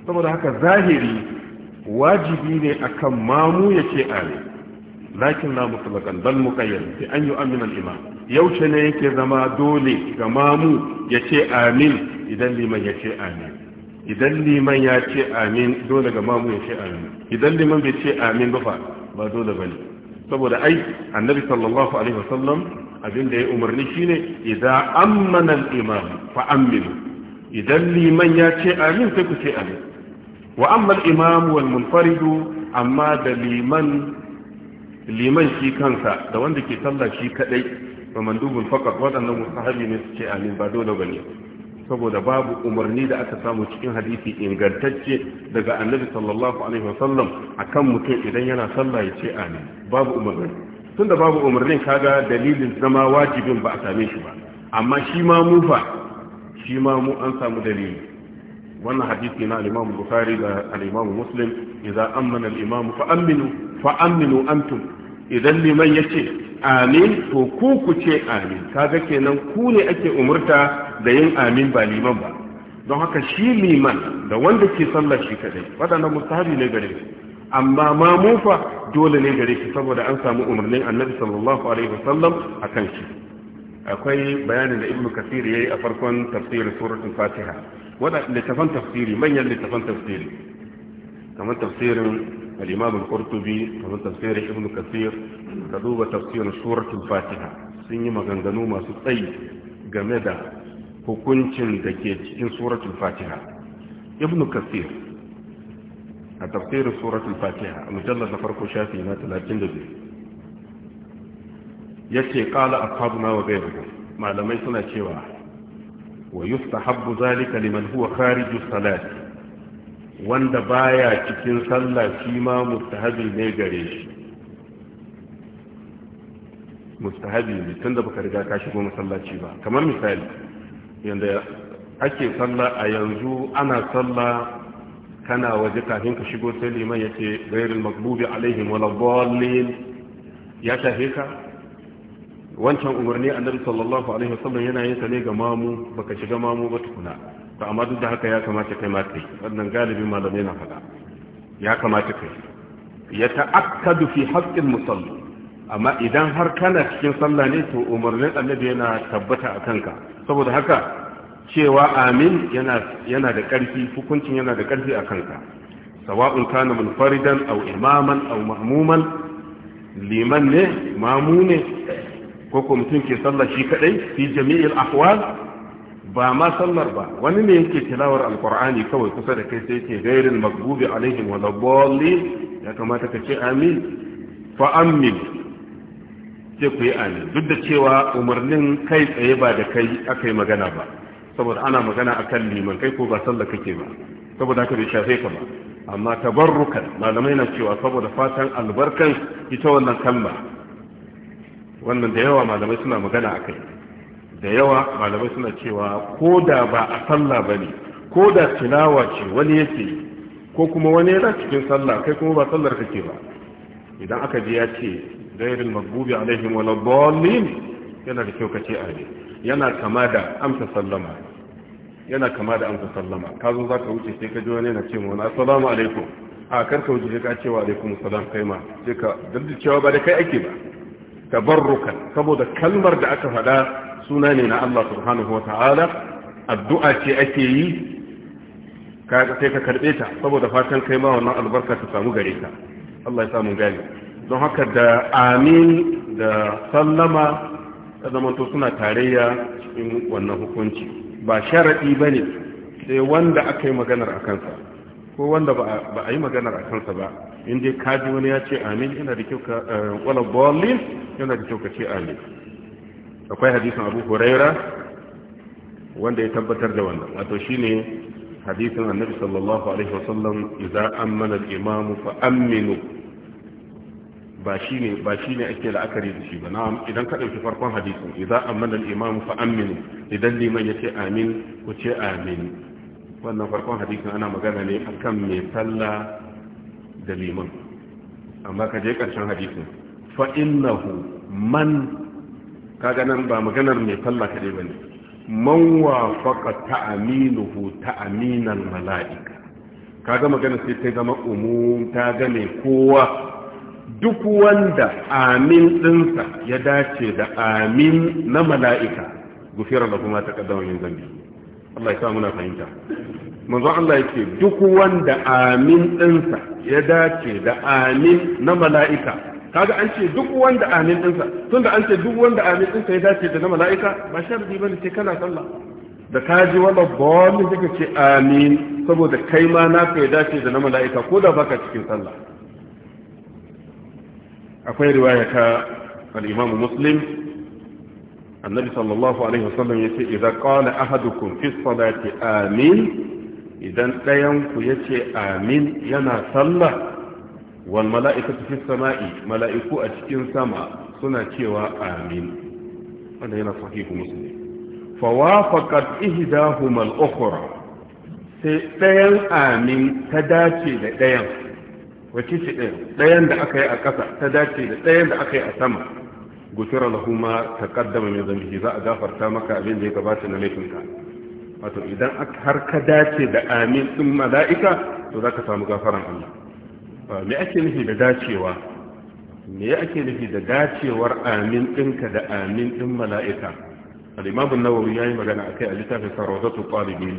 saboda haka zahiri wajibi ne akan mamu ya ce amin lakin la mutlaqan bal muqayyad bi an yu'minu al-imam yaushe ne yake zama dole ga mamu yace amin idan liman yace amin idan liman ya ce amin dole ga mamu ya ce amin idan liman bai ce amin ba ba dole bane saboda ai annabi sallallahu alaihi wasallam abin da ya umarni shine idan ammana al-imam fa aminu idan liman ya ce amin sai ku ce amin wa amma al-imam wal munfaridu amma da liman liman shi kansa da wanda ke sallah shi kadai ba mandubul faqat wadannan sahabi ne su ce amin ba dole bane saboda babu umarni da aka samu cikin hadisi ingantacce daga annabi sallallahu alaihi wasallam akan mutum idan yana sallah ya ce amin babu umarni tunda babu umarnin kaga dalilin zama wajibin ba a same shi ba amma shi ma mu fa shi ma mu an samu dalili wannan hadisi na al-Imam Bukhari da al-Imam Muslim idza amana al-imam fa aminu fa aminu antum idan liman yace amin to ku ku ce amin kaga kenan ku ne ake umurta da yin amin ba liman ba don haka shi liman da wanda ke sallar shi kadai waɗannan mustahabi ne gare amma ma mufa dole ne gare saboda an samu umarnin annabi sallallahu alaihi wasallam akan shi akwai bayanin da ibnu kasir yayi a farkon tafsirin suratul fatiha wadannan littafan tafsiri manyan littafan tafsiri kamar tafsirin الإمام القرطبي ومن تفسير ابن كثير كذوب تفسير سورة الفاتحة سنة مغنغنو ما سطي جمدا حكمتين دكيت إن سورة الفاتحة ابن كثير تفسير سورة الفاتحة مجلد فرق شافي ما تلاقين دبي يتي قال أصحابنا وغيرهم ما لم يسنا شوا ويستحب ذلك لمن هو خارج الصلاة wanda baya cikin sallah shi ma mustahabi ne gare shi mustahabi ne tun da baka riga ka shigo masallaci ba kamar misali yadda ake sallah a yanzu ana sallah kana waje kafin ka shigo sai liman yace ghairul maghdubi alaihim wala dhallin ya tafe ka wancan umarni annabi sallallahu alaihi wasallam yana yin sa ne ga mamu baka shiga mamu ba tukuna to amma duk da haka ya kamata kai ma kai wannan galibin malamai na faɗa ya kamata kai ya ta'akkadu fi haqqil musalli amma idan har kana cikin sallah ne to umarnin annabi yana tabbata a kanka saboda haka cewa amin yana yana da ƙarfi hukuncin yana da ƙarfi a kanka sawa'un kana munfaridan aw imaman aw mahmuman liman ne mamu ne ko ko mutum ke sallah shi kadai fi jami'il ahwal ba ma sallar ba wani ne yake tilawar alkur'ani kawai kusa da kai sai ke gairin magbubi alaihim wa dallin ya kamata ka ce amin fa amin sai ku yi amin duk da cewa umarnin kai tsaye ba da kai aka yi magana ba saboda ana magana akan liman kai ko ba sallar kake ba saboda haka bai shafe ka ba amma tabarrukan malamai na cewa saboda fatan albarkan ita wannan kalma wannan da yawa malamai suna magana akai da yawa malamai suna cewa ko da ba a sallah ba ne ko da tilawa ce wani yake ko kuma wani yana cikin sallah kai kuma ba sallar kake ba idan aka ji ya ce gairin magbubi alaihim wala dallin yana da kyau kace aje yana kama da amsa sallama yana kama da amsa sallama ka zo zaka wuce sai ka ji wani yana ce mu wani assalamu alaikum a kar ka wuce sai ka ce wa alaikum salam kai ma sai ka cewa ba da kai ake ba tabarrukan saboda kalmar da aka faɗa suna ne na Allah subhanahu wa ta'ala addu'a ce ake yi sai ka karɓe ta saboda fatan kai ma wannan albarka ta samu gare ka Allah ya samu gani don haka da amin da sallama ta zamanto suna tarayya cikin wannan hukunci ba sharaɗi ba ne sai wanda aka yi maganar a kansa ko wanda ba a yi maganar a kansa ba inda kaji wani ya ce amin yana da kyau ka eh, wala bolin yana da kyau ka ce amin akwai hadisin abu huraira wanda ya tabbatar da wannan wato shine hadisin annabi sallallahu alaihi wasallam idza ammana mana imam fa aminu ba shine ba shine ake la'akari da shi ba na'am idan ka dauki farkon hadisin idza ammana mana imam fa aminu idan liman ya ce amin ku ce amin wannan farkon hadisin ana magana ne akan mai sallah da liman amma ka je karshen hadisin fa innahu man kaga nan ba maganar mai falla kare bane man wafaqa ta'aminuhu ta'aminal mala'ika kaga magana sai ta zama umum ta game kowa duk wanda amin dinsa ya dace da amin na mala'ika gufira da kuma ta kaddama yin zambi Allah ya sa muna fahimta manzo Allah yake duk wanda amin dinsa ya dace da amin na mala'ika kaga an ce duk wanda amin dinsa da an ce duk wanda amin dinsa ya dace da na mala'ika ba sharadi bane sai kana sallah da ka ji wala bawani kika ce amin saboda kai ma na ya dace da na mala'ika ko da baka cikin sallah akwai riwaya ta al-Imam Muslim annabi sallallahu alaihi wasallam yace idza qala ahadukum fi salati amin idan dayan ku yace amin yana sallah wal mala'ikatu fis sama'i mala'iku a cikin sama suna cewa amin wanda yana sahihu muslim fa wafaqat ihdahuma al ukhra sai dayan amin ta dace da dayan wace ce dayan dayan da aka yi a ƙasa ta dace da dayan da aka yi a sama gutira lahu ma taqaddama min dhanbihi za a gafarta maka abin da ya gabata na laifinka wato idan har ka dace da amin din mala'ika to zaka samu gafaran Allah me ake nufi da dacewa me ake nufi da dacewar amin ɗinka da amin ɗin mala'ika al'imamu nawawi ya yi magana a kai a littafin sarautattu ƙwalibin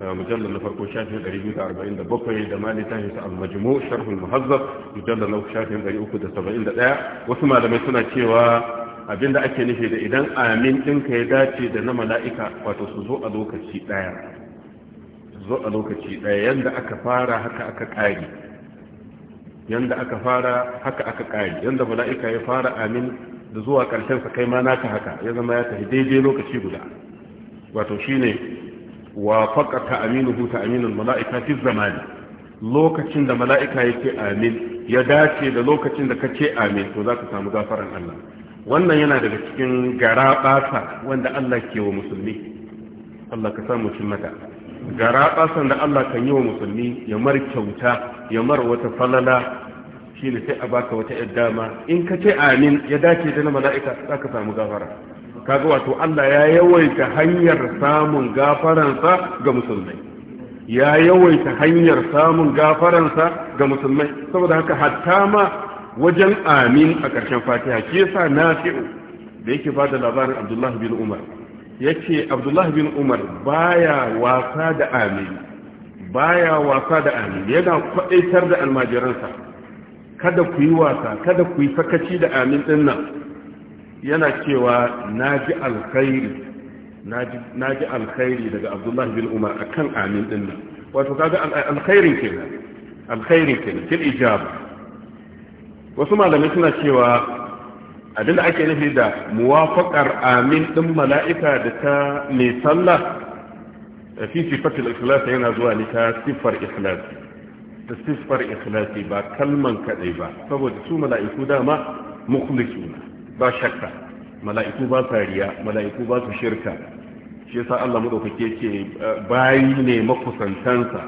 mujallar na farko shafin 247 da ma littafin sa al-majmu sharhul muhazzab mujallar na shafin 371 wasu malamai suna cewa abinda ake nufi da idan amin ɗinka ya dace da na mala'ika wato su zo a lokaci ɗaya zo a lokaci ɗaya yadda aka fara haka aka ƙari yanda aka fara haka aka kare yanda mala'ika ya fara amin da zuwa karshen kai ma naka haka ya zama ya tafi daidai lokaci guda wato shine wa Aminu aminuhu ta aminul mala'ika fi zamani lokacin da mala'ika yake amin ya dace da lokacin da ka ce amin to zaka samu gafaran Allah wannan yana daga cikin garabata wanda Allah ke wa musulmi Allah ka samu cin mata gara ƙasan da Allah kan yi wa musulmi ya mar kyauta ya mar wata falala shi ne sai a baka wata yar dama in ka ce amin ya dace da na mala'ika za ka samu gafara kaga wato Allah ya yawaita hanyar samun gafaransa ga musulmai ya yawaita hanyar samun gafaransa ga musulmai saboda haka hatta ma wajen amin a ƙarshen fatiha ke sa nafi'u da yake ba da labarin abdullahi bin umar yace abdullahi bin umar baya wasa da amin baya wasa da amin yana kwa'itar da almajiransa kada ku yi wasa kada ku yi sakaci da amin din yana cewa naji alkhairi naji alkhairi daga abdullahi bin umar a akan amin din nan wato kaga alkhairin kenan alkhairin kenan fil ijaba wasu malamai suna cewa abinda ake nufi da muwafaƙar amin ɗin mala'ika da ta mai sallah fi sifatul ikhlas yana zuwa ne ta sifar ikhlas ta sifar ba kalman kaɗai ba saboda su mala'iku dama mukhlisuna ba shakka mala'iku ba sa riya mala'iku ba su shirka shi yasa Allah madaukake ce eh, bayi ne makusantansa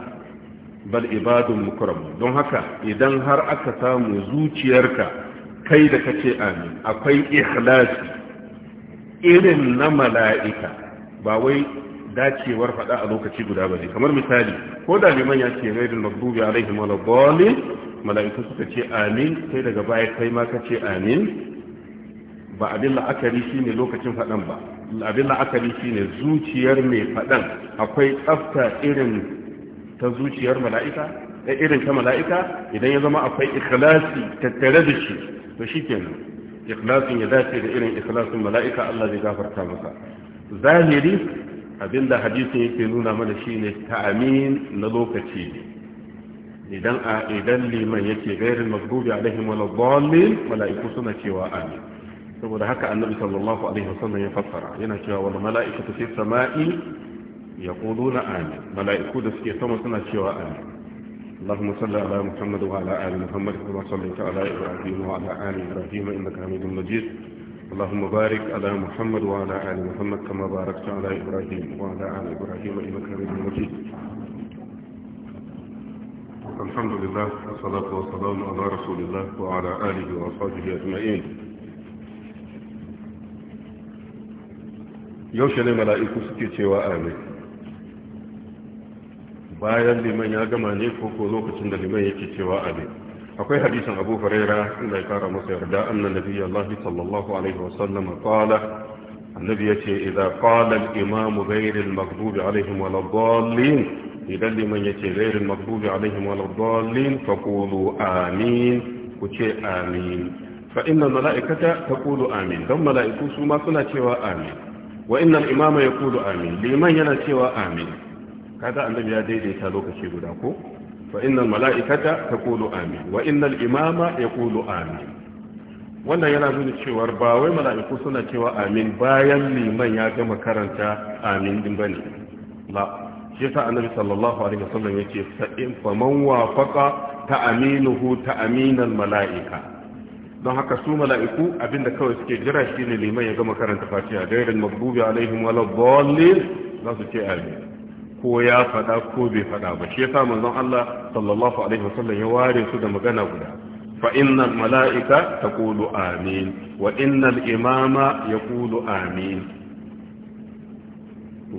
bal ibadun mukram don haka idan har aka samu zuciyarka kai da kace amin akwai ikhlasi irin na mala'ika ba wai dacewar faɗa a lokaci guda ba kamar misali ko da liman ya ce gairin magdubi alaihim wala dhalin Mala'ika suka ce amin sai daga baya kai ma kace amin ba abin la'akari shine lokacin faɗan ba abin la'akari shine zuciyar mai faɗan akwai tsafta irin ta zuciyar mala'ika eh, irin ta mala'ika idan ya zama akwai ikhlasi tattare da shi to kenan ikhlasin ya dace da irin ikhlasin mala'ika Allah zai gafarta masa zahiri abinda hadisin yake nuna mana shine ta'amin na lokaci idan a idan liman yake gairin maghdubi alaihim waladdallin mala'iku suna cewa amin saboda haka annabi sallallahu alaihi wasallam ya fassara yana cewa wal mala'ikatu fis sama'i yaquluna amin mala'iku da suke sama suna cewa amin اللهم صل على محمد وعلى آل محمد كما صليت على إبراهيم وعلى آل إبراهيم إنك حميد مجيد اللهم بارك على محمد وعلى آل محمد كما باركت على إبراهيم وعلى آل إبراهيم إنك حميد مجيد الحمد لله والصلاة والسلام على رسول الله وعلى آله وصحبه أجمعين يوشل ملائكة سكيتي وآمين bayan liman ya gama ne ko ko lokacin da liman yake cewa amin akwai hadisin abu huraira inda ya kara masa yarda annan nabiyyi allah sallallahu alaihi wa sallam qala annabi yace idza qala al imam ghayr al maghdubi alaihim wal dallin idan liman yace ghayr al maghdubi alaihim wal dallin faqulu amin ku ce amin fa innal malaikata taqulu amin dan mala'iku su ma suna cewa amin wa innal imama yaqulu amin liman yana cewa amin kaga annabi ya daidaita lokaci guda ko fa innal mala'ikata taqulu amin wa innal imama yaqulu amin wannan yana nuna cewa ba wai mala'iku suna cewa amin bayan liman ya gama karanta amin din bane Ba shi yasa annabi sallallahu alaihi wasallam yake fa in faman wafaqa ta ta'aminal mala'ika don haka su mala'iku abinda kawai suke jira shi ne liman ya gama karanta fatiha gairin magbubi alaihim wala dhallin za su ce amin ko ya faɗa ko bai faɗa ba shi yasa manzon Allah sallallahu alaihi wasallam ya ware su da magana guda fa innal mala'ika taqulu amin wa innal imama yaqulu amin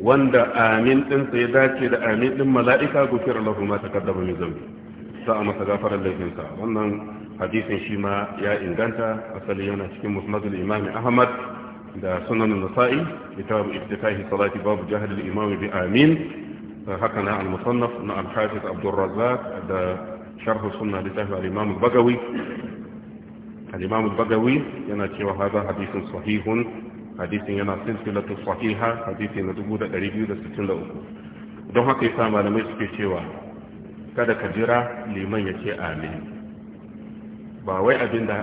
wanda amin din sai dace da amin din mala'ika gufir lahu ma taqaddama min zambi sa masa gafarar laifinsa wannan hadisin shi ma ya inganta asali yana cikin musnadul imami ahmad da sunan nasa'i kitabu ibtifahi salati babu jahil imami bi amin haka na al na al-hafiz abdul razzaq da sharh sunna littafi al-imam al-bagawi al-imam al-bagawi yana cewa hada hadithun sahihun hadithin yana silsilatu sahiha hadithi na 2263 don haka yasa malamai suke cewa kada ka jira liman ya ce amin ba wai abinda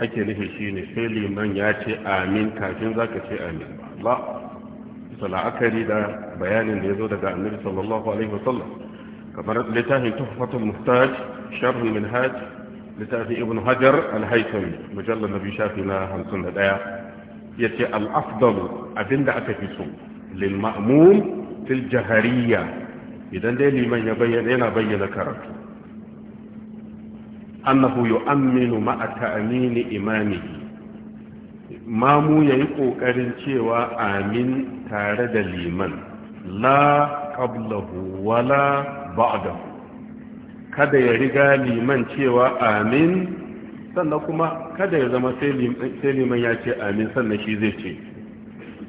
ake shi ne sai liman ya ce amin kafin zaka ce amin ba العكري ده بيان اللي يزود ده النبي صلى الله عليه وسلم كفرت لتاهي تحفة المحتاج شرح المنهاج لتاهي ابن هجر الهيثمي مجلة النبي شافنا هم سنة ده يتي الأفضل أبن دعك في سوء للمأموم في الجهرية إذن ده لي من يبين أنا بين كرك أنه يؤمن مع تأمين إمامه mamu ya yi ƙoƙarin cewa amin tare da liman la ƙablahu wala ba'dahu kada ya riga liman cewa amin sannan kuma kada ya zama sai liman ya ce amin sannan shi zai ce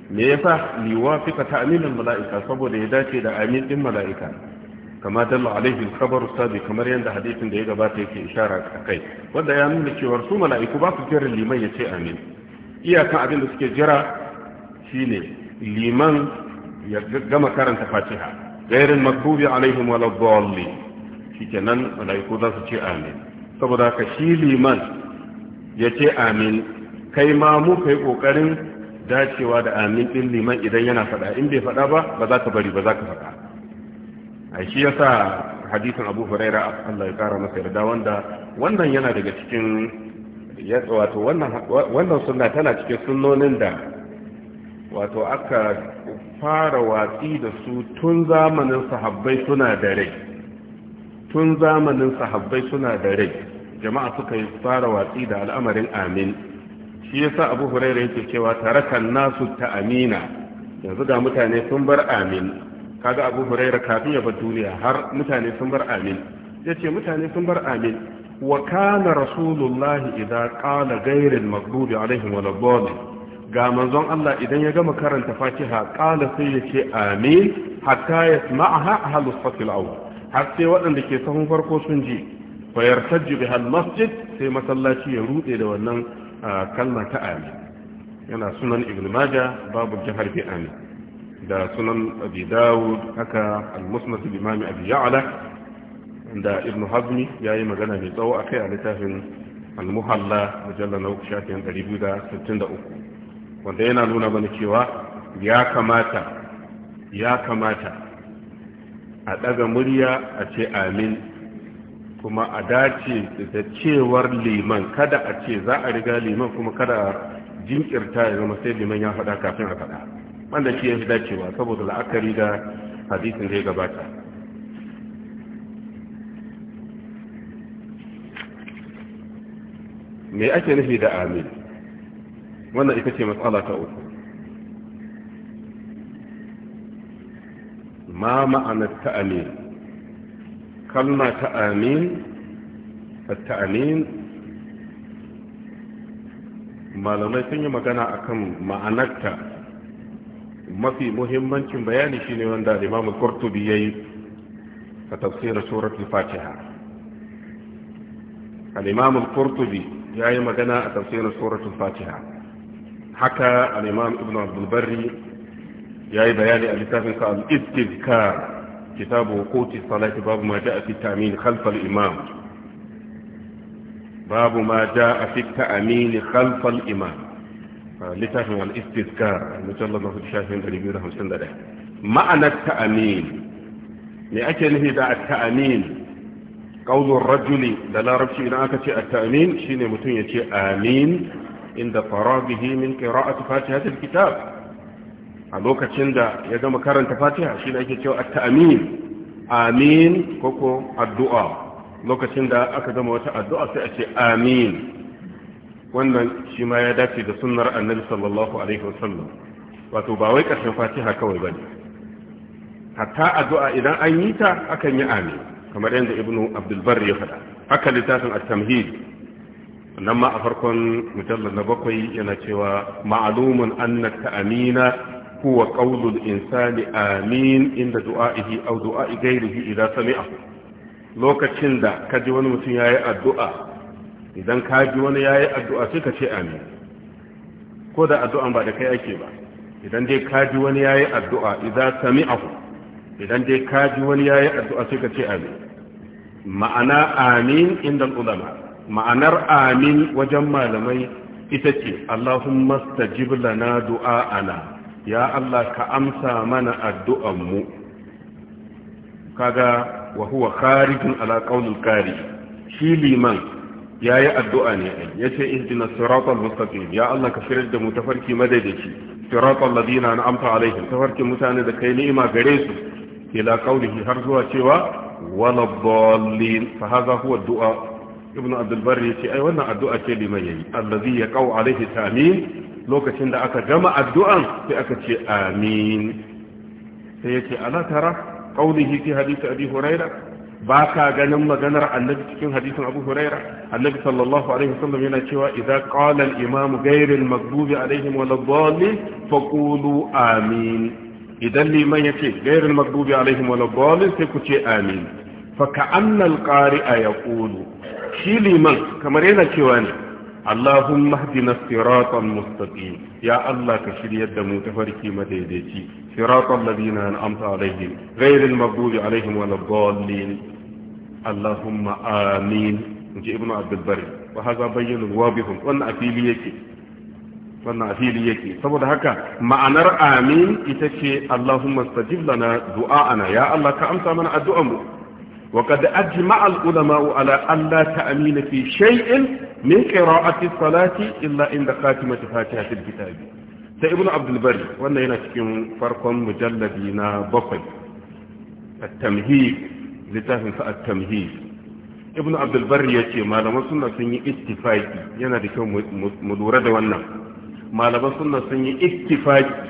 me yasa liwa fi ta aminin mala'ika saboda ya dace da amin din mala'ika kama dalla alaihi al-khabar sabi kamar yadda hadisin da ya gabata yake ishara kai wanda ya nuna cewa su mala'iku ba su jira liman ya ce amin iyakan abin da suke jira shine liman ya gama karanta fatiha gairin makbubi alaihim wala dhalli shikenan malaiku za zasu ce amin saboda ka shi liman ya ce amin kai ma mu kai kokarin dacewa da amin din liman idan yana fada in bai fada ba ba za ka bari ba za ka fada ai shi yasa hadisin Abu huraira Allah ya kara masa yarda wanda wannan yana daga cikin wato wannan sunna tana cikin sunnonin da wato aka fara watsi da su tun zamanin sahabbai suna da rai tun zamanin sahabbai suna da rai jama'a suka yi fara watsi da al'amarin amin shi yasa abu hurairu yake cewa tare kan nasu ta amina yanzu ga mutane sun bar amin kaga abu hurairu kafin ya bar duniya har mutane sun bar amin yace mutane sun bar amin wa kana rasulullahi idza qala gairin maghdubi alaihim waladdallin ga manzon Allah idan ya gama karanta Fatiha kala sai ya ce amin hatta yasma'aha ahlus safil awwal har sai waɗanda ke sahun farko sun ji fa yartajju biha masjid sai masallaci ya rude da wannan kalma ta amin yana sunan ibn majah babu jahar bi amin da sunan abi dawud haka al-musnad imam abi ya'la da ibn hazmi ya yi magana mai tsawo a kai a littafin al-muhalla mujalla na uku shafin ɗari wanda yana nuna mana cewa ya kamata ya kamata a ɗaga murya a ce amin kuma a dace da cewar liman kada a ce za a riga liman kuma kada a jinkirta ya zama sai liman ya faɗa kafin a faɗa wanda shi ya fi dacewa saboda la'akari da hadisin da ya gabata me ake nufi da amin wannan ita ce matsala ta uku ma ma'anar ta amin kalma ta amin ta amin malamai sun yi magana akan ma'anarta mafi muhimmancin bayani shine wanda imamul ya yayi a tafsirar suratun fatiha al-imam al-qurtubi ya yi magana a tafsirin suratul fatiha haka al-imam ibn abdul barri ya yi bayani a littafin sa al-istizkar kitabu qutis salati babu ma ja'a fi ta'min khalf al-imam babu ma ja'a fi ta'min khalf al-imam littafin al-istizkar mujallad na shafin 251 ma'anar ta'min me ake nufi da at-ta'min ƙaunar rajuli da larabci idan aka ce at-ta'min shine mutum ya ce amin inda farabihi min qira'ati fatihatil kitab a lokacin da ya gama karanta fatiha shine ake cewa at-ta'min amin koko addu'a lokacin da aka gama wata addu'a sai a ce amin wannan shi ma ya dace da sunnar annabi sallallahu alaihi wasallam wato ba wai karshen fatiha kawai bane hatta addu'a idan an yi ta akan yi amin kamar yadda ibnu abdulbar ya faɗa haka littafin at-tamhid nan ma a farkon mujallar na bakwai yana cewa ma'alumun anna ta'amina huwa qawlul insani amin inda du'a'ihi aw du'a'i ghairihi idan sami'ahu lokacin da kaji wani mutum yayi addu'a idan kaji wani yayi addu'a sai ka ce amin ko da addu'an ba da kai ake ba idan dai kaji wani yayi addu'a idan sami'ahu idan dai kaji wani wani yi addu'a sai ka ce amin ma'ana amin inda ulama ma'anar amin wajen malamai ita ce Allahumma stajib lana ana ya Allah ka amsa mana addu'an mu kaga wa huwa kharijun ala qawlil kari shi liman ya yi addu'a ne ya ce ihdina siratal mustaqim ya Allah ka firar da mu tafarki madadaci siratal ladina na amta alaihim tafarkin mutane da kai ni'ima gare su ila qawlihi har zuwa cewa wala dallin fa hadha huwa du'a ibnu abdul barri yace ai wannan addu'a ce liman yayi allazi yaqau alaihi ta'min lokacin da aka gama addu'an sai aka ce amin sai yace ala tara qawlihi fi hadith abi huraira ba ka ganin maganar annabi cikin hadisin abu huraira annabi sallallahu alaihi wasallam yana cewa idza qala al imam ghayr al maghdubi alaihim wal dallin faqulu amin idan liman ya ce gairin magdubi alaihim wala sai ku ce amin fa ka'annal ya yaqulu shi liman kamar yana cewa ne mahdina hdina siratan mustaqim ya Allah ka shiryar da mu farki madaidaici siratan ladina amsa alaihim ghairil maghdubi alaihim wala dallin Allahumma amin inji ibnu abdul wa hadha bayyinun wadihun wannan afili yake wannan afili yake saboda haka ma'anar amin ita ce Allahumma stajib lana du'a'ana ya Allah ka amsa mana addua mu wa qad ajma'a al-ulama ala an la ta'mina fi shay'in min qira'ati salati illa inda khatimati fatihati al-kitab ta ibn abdul bari wannan yana cikin farkon mujalladi na bakwai at-tamhid littafin sa at-tamhid ibn abdul bari yace malaman sunna sun yi ittifaqi yana da kyau mu lura da wannan malaman sunna sun yi ittifaki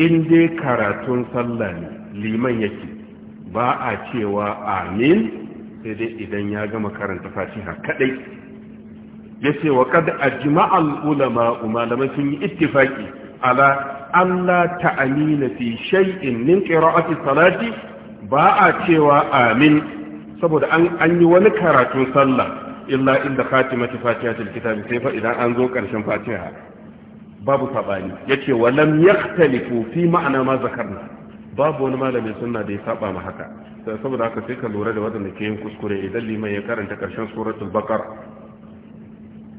in dai karatun sallah ne liman yake ba a cewa amin sai dai idan ya gama karanta fatiha kadai yace wa qad ajma'a al-ulama malaman sun yi ittifaki ala Allah ta'amina fi shay'in min qira'ati salati ba a cewa amin saboda an an yi wani karatun sallah illa inda khatimati fatihatul kitab sai fa idan an zo karshen fatiha babu sabani ce wa lam yaktalifu fi ma'ana ma zakarna babu wani malamin sunna da ya saba ma haka saboda haka sai ka lura da wadanda ke yin kuskure idan liman ya karanta karshen suratul baqara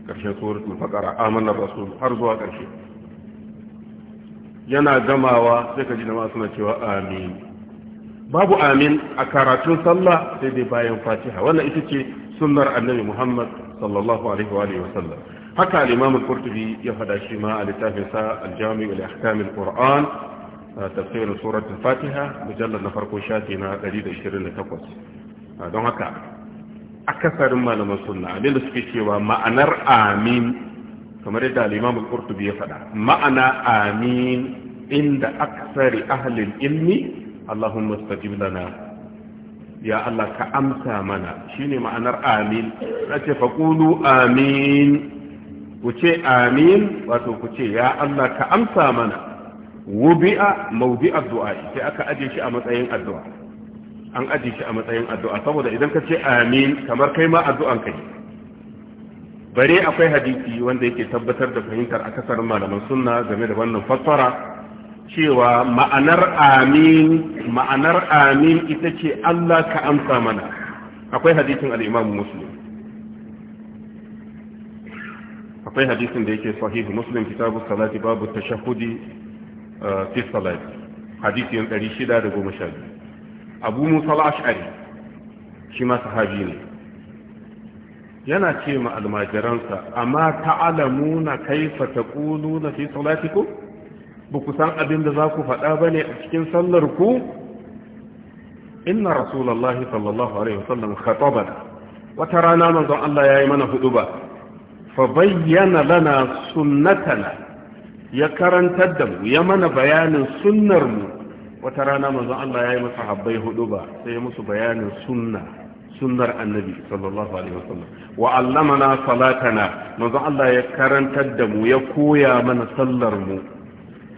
karshen suratul baqara amana rasul har zuwa karshe yana gamawa sai ka ji jama'a suna cewa amin babu amin a karatun sallah sai dai bayan fatiha wannan ita ce sunnar annabi muhammad sallallahu alaihi wa sallam haka limamin kurtubi ya fada shi ma a littafin sa al-jami' al-ahkam quran tafsir surat al-fatiha mujallad na farko shafi na 128 don haka akasarin malaman sunna abinda suke cewa ma'anar amin kamar yadda limamin kurtubi ya fada ma'ana amin inda aksari ahlin ilmi allahumma istajib lana ya Allah ka amsa mana shine ma'anar amin ce faqulu amin ku ce amin wato ku ce ya Allah ka amsa mana wubi'a mawdi'a addu'a sai aka aje shi a matsayin addu'a an aje shi a matsayin addu'a saboda idan ka ce amin kamar kai ma addu'an kai bare akwai hadisi wanda yake tabbatar da fahimtar akasar malaman sunna game da wannan fassara cewa ma'anar amin ma'anar amin ita ce Allah ka amsa mana akwai hadisin al-Imam Muslim akwai hadisin da yake sahihu muslim kitabu salati babu tashahudi uh, fi salati hadisi yan 612 abu musa al-ash'ari shi ma sahabi ne yana ce ma almajiransa amma ta kaifa na fi salatikum ba ku san abin da za ku faɗa ba ne a cikin sallar ku inna rasulullahi sallallahu alaihi wasallam khatabana wata rana manzon Allah yayi mana huɗu ba fa bayyana lana sunnatana ya karantar da mu ya mana bayanin sunnar mu wata rana manzon Allah ya yi masa habbai hudu ba sai ya musu bayanin sunna sunnar annabi sallallahu alaihi wasallam wa allamana salatana manzon Allah ya karantar da mu ya koya mana sallar mu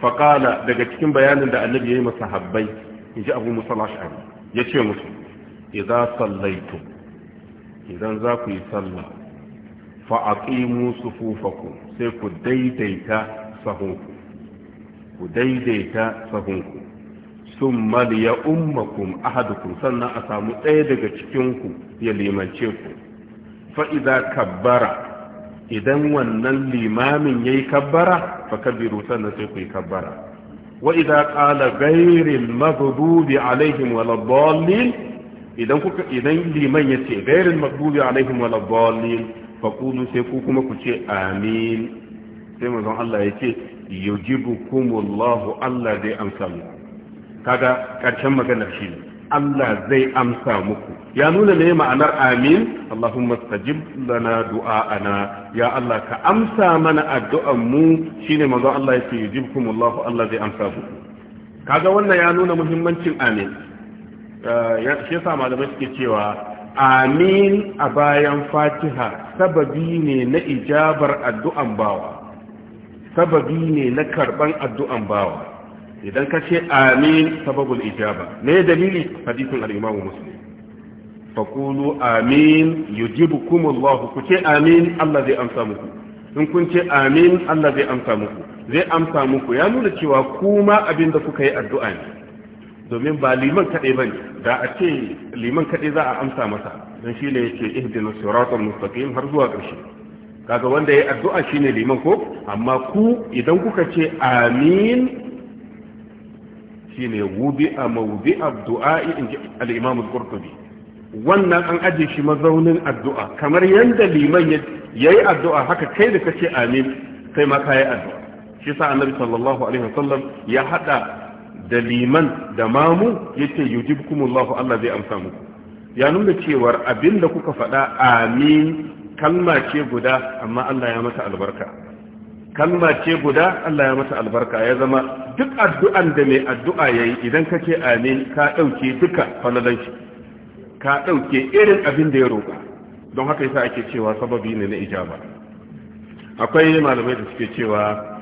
faqala daga cikin bayanin da annabi ya yi masa habbai inji Abu Musa al-Ash'ari yace musu idza sallaitu idan za ku yi sallah su fufaku, sai ku daidaita sahunku ku daidaita sahunku summa ya ummakum ahadukum sannan a samu ɗaya daga cikinku ya limance ku fa'iza kabbara idan wannan limamin ya yi kabbara fa kabiru sannan sai ku yi kabbara Wa'iza ƙala gairin maghdubi alaihim wala dallin idan liman ya ce gairin maghdubi alaihim wala dallin faƙulu sai ku kuma ku ce amin sai mazan Allah ya ce yujibu kumullahu Allah zai amsa muku kaga ƙarshen maganar shi ne Allah zai amsa muku ya nuna ne ma'anar amin Allahumma stajib lana du'a'ana ya Allah ka amsa mana addu'an mu shine manzo Allah ya ce yujibkumullahu Allah zai amsa muku kaga wannan ya nuna muhimmancin amin eh, shi yasa malamai suke cewa amin a bayan fatiha sababi ne na ijabar addu'an bawa sababi ne na karban addu'an bawa idan ka ce amin sababul ijaba ne dalili hadisin al'imamu musulmi faƙulu amin yujibu kumullahu ku ce amin Allah zai amsa muku in kun ce amin Allah zai amsa muku zai amsa muku ya nuna cewa kuma abin da kuka yi addu'a ne domin ba liman kaɗai ba da a ce liman kaɗai za a amsa masa don shi ne yake ihdina siratal mustaqim har zuwa ƙarshe kaga wanda ya addu'a shine liman ko amma ku idan kuka ce amin shine wudi'a mawdi'a du'a'i in al-imam al-qurtubi wannan an aje shi mazaunin addu'a kamar yanda liman yayi addu'a haka kai da kace amin kai ma kai addu'a shi sa annabi sallallahu alaihi wasallam ya hada da liman da mamu yace yujibkumullahu Allah zai amsa muku ya nuna cewar abinda kuka faɗa amin kalma ce guda amma Allah ya mata albarka kalma ce guda Allah ya mata albarka ya zama duk addu'an da mai addu'a yayi idan kake amin ka ɗauke duka falalan shi ka ɗauke irin abin da ya roƙa don haka yasa ake cewa sababi ne na ijaba akwai malamai da suke cewa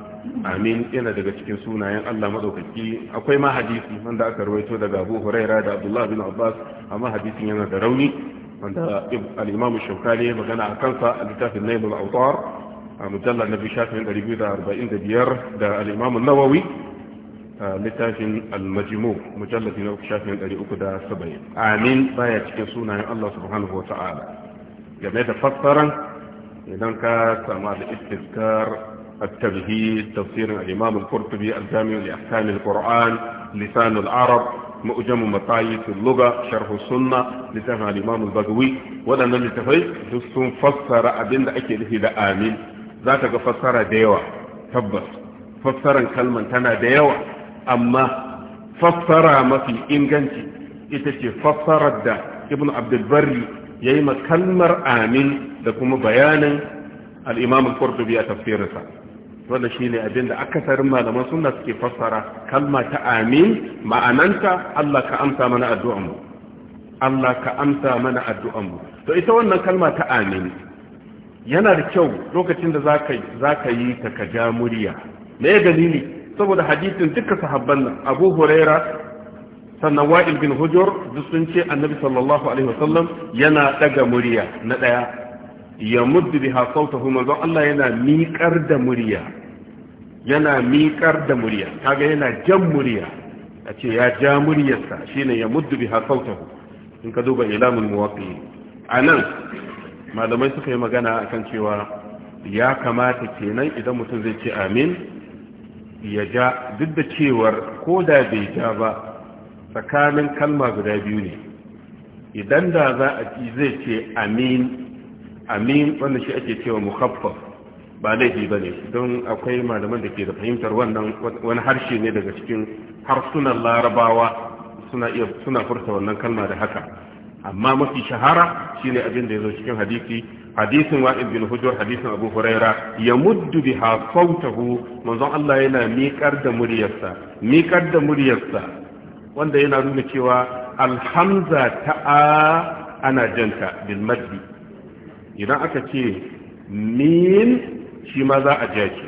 amin yana daga cikin sunayen Allah madaukaki akwai ma hadisi wanda aka rawaito daga Abu Huraira da Abdullah bin Abbas amma hadisin yana da rauni wanda al-Imam Shawkani magana a kansa a littafin Nailul Awtar a mujallal 245 da al-Imam Nawawi a littafin Al-Majmu mujallal 370 amin baya cikin sunayen Allah subhanahu wata'ala game da fassaran idan ka samu التمهيد تفسير الإمام القرطبي الجامع لأحكام القرآن لسان العرب مؤجم مطايف اللغة شرح السنة لسان الإمام البغوي ودنا لتفي دستون فسر أبن أكله إلى آمين ذات فسر ديوة تبس فسر كلمة تنا ديوة أما فسر ما في إنجنتي إتشي فسر الدا ابن عبد البري يما كلمة آمين لكم بيانا الإمام القرطبي تفسيرها wanda shi ne abin da akasarin malaman suna suke fassara kalma ta amin ma'ananta Allah ka amsa mana addu'anmu Allah ka amsa mana addu'anmu to ita wannan kalma ta amin yana da kyau lokacin da za ka yi ta ka murya me ya dalili saboda hadisin duka sahabban nan abu huraira sannan wa'il bin hujur duk sun ce annabi sallallahu alaihi wasallam yana daga murya na daya ya muddi biha sautahu manzo Allah yana miƙar da murya yana miƙar da murya kaga yana jan murya a ce ya ja muryarsa shine ya muddi biha sautahu in ka duba ilamul A anan malamai suka yi magana akan cewa ya kamata kenan idan mutum zai ce amin ya ja duk da cewar ko da bai ja ba tsakanin kalma guda biyu ne idan da za a zai ce amin amin wanda shi ake cewa mukhaffaf ba laifi ba ne don akwai malaman da ke da fahimtar wannan wani harshe ne daga cikin harsunan larabawa suna iya suna furta wannan kalma da haka amma mafi shahara shine abin da ya zo cikin hadisi hadisin wa'id bin hujur hadisin abu huraira ya muddu biha sautahu manzon Allah yana miƙar da muryarsa miƙar da muryarsa wanda yana nuna cewa alhamza ta'a ana janta bil maddi idan aka ce min shi ma za a jaki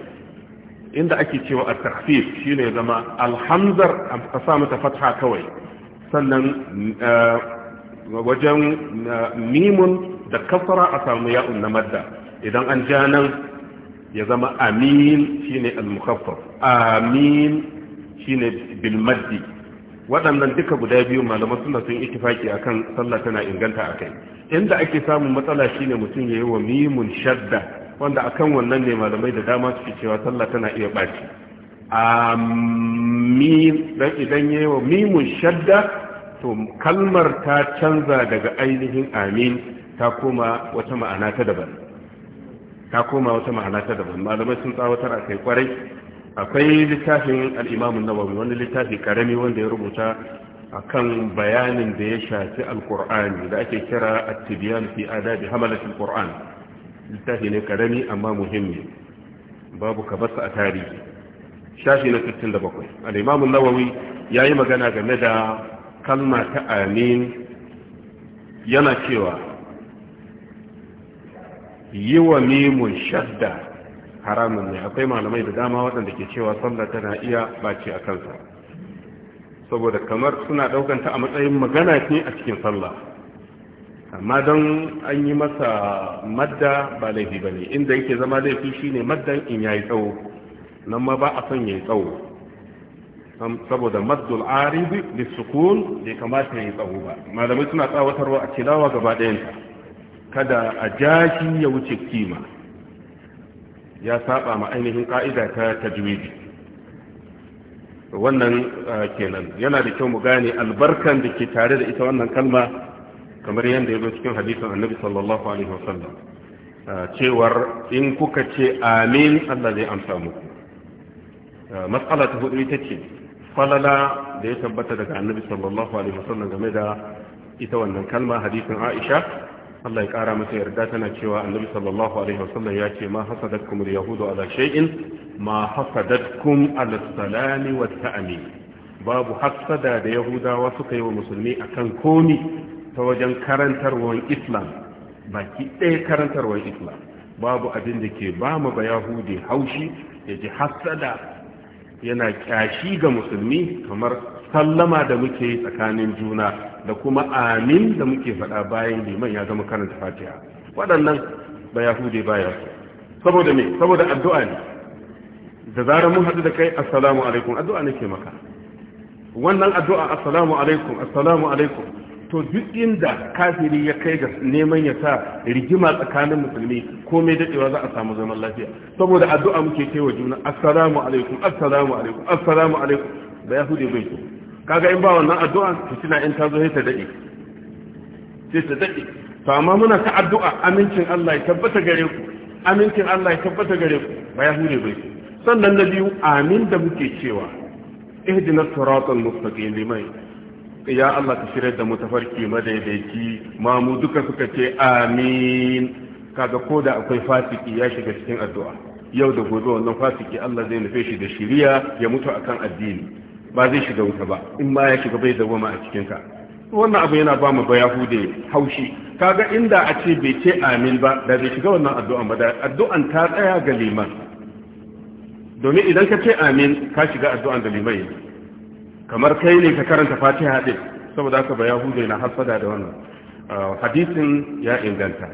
inda ake cewa a tafif shi ne zama alhamzar a samu mata fatha kawai sannan eh, wajen eh, mimun da kasara a samu ya'un na madda idan an ja nan ya zama amin shi ne al amin shi ne bilmaddi waɗannan duka guda biyu malaman suna sun ittifaki akan sallah tana inganta a kai. inda ake samun matsala shine mutum ya yi wa mimun shadda wanda akan wannan ne malamai da dama suke cewa sallah tana iya ɓaci amin dan idan ya yi wa mimun shadda to kalmar ta canza daga ainihin amin ta koma wata ma'ana ta daban ta koma wata ma'ana ta daban malamai sun tsawatar a kai kwarai akwai littafin al'imamun nawawi wani littafi karami wanda ya rubuta akan bayanin da ya shafi alkur'ani da ake kira at-tibyan fi adabi hamalatul qur'an littafi ne karami amma muhimmi babu kabarsa a tarihi shafi na 67 al-imam an-nawawi yayi magana game da kalma ta amin yana cewa yiwa mimun shadda haramun ne akwai malamai da dama waɗanda ke cewa sallah tana iya bace a kansa saboda kamar suna ɗaukanta a matsayin magana ce a cikin sallah amma don an yi masa madda ba laifi ba ne inda yake zama laifi shine maddan in yayi tsawo nan ma ba a son yayi tsawo saboda maddul aribi da sukun ya kamata yi tsawo ba malamai suna tsawatarwa a cilawa gaba ɗayanta kada a jashi ya wuce kima ya saba ma ainihin ka'ida ta tajwidi wannan ah, kenan yana da kyau mu gane albarkan da ke tare da ita wannan kalma kamar yadda ya zo cikin hadisin annabi sallallahu alaihi wasallam ah, cewar in kuka ce amin Allah zai amsa muku ah, matsala ta hudu ita ce falala da ya tabbata daga annabi sallallahu alaihi wasallam game da ita wannan kalma hadisin Aisha Allah ya ƙara mata yarda tana cewa annabi sallallahu alaihi wasallam ya ce ma hasadatkum al-yahudu ala shay'in ma hasadatkum ala salami wa ta'ami babu hasada da yahudawa suka yi wa musulmi akan komi ta wajen karantarwar islam baki ɗaya karantarwar islam babu abin da ke ba mu ba yahudi haushi ya ji hasada yana kyashi ga musulmi kamar sallama da muke yi tsakanin juna da kuma amin da muke faɗa bayan liman ya zama karanta fatiha waɗannan ba ya baya saboda me saboda addu'a ne da zarar mun haɗu da kai assalamu alaikum addu'a nake maka wannan addu'a assalamu alaikum assalamu alaikum to duk inda kafiri ya kai ga neman ya sa rigima tsakanin musulmi komai daɗewa za a samu zaman lafiya saboda addu'a muke kai wa juna assalamu alaikum assalamu alaikum assalamu alaikum ba yahudi bai so kaga in ba wannan addu'a fitina in ta zo sai ta dade sai ta dade to amma muna ta addu'a amincin Allah ya tabbata gare ku amincin Allah ya tabbata gare ku ba ya hure bai sannan na biyu amin da muke cewa ihdina siratal mustaqim limai ya Allah ka shirya da mu tafarki madaidaiki ma mu duka suka ce amin kaga koda akwai fasiki ya shiga cikin addu'a yau da gobe wannan fasiki Allah zai nufe shi da shiriya ya mutu akan addini ba zai shiga wuta ba in ma ya shiga bai zama a cikin ka wannan abu yana ba mu ba yahude haushi kaga inda a ce bai ce amin ba da zai shiga wannan addu'an ba addu'an ta tsaya ga liman domin idan ka ce amin ka shiga addu'an da liman kamar kai ne ka karanta fatiha din saboda haka ba yahude na hasada da wannan ah, hadisin ya inganta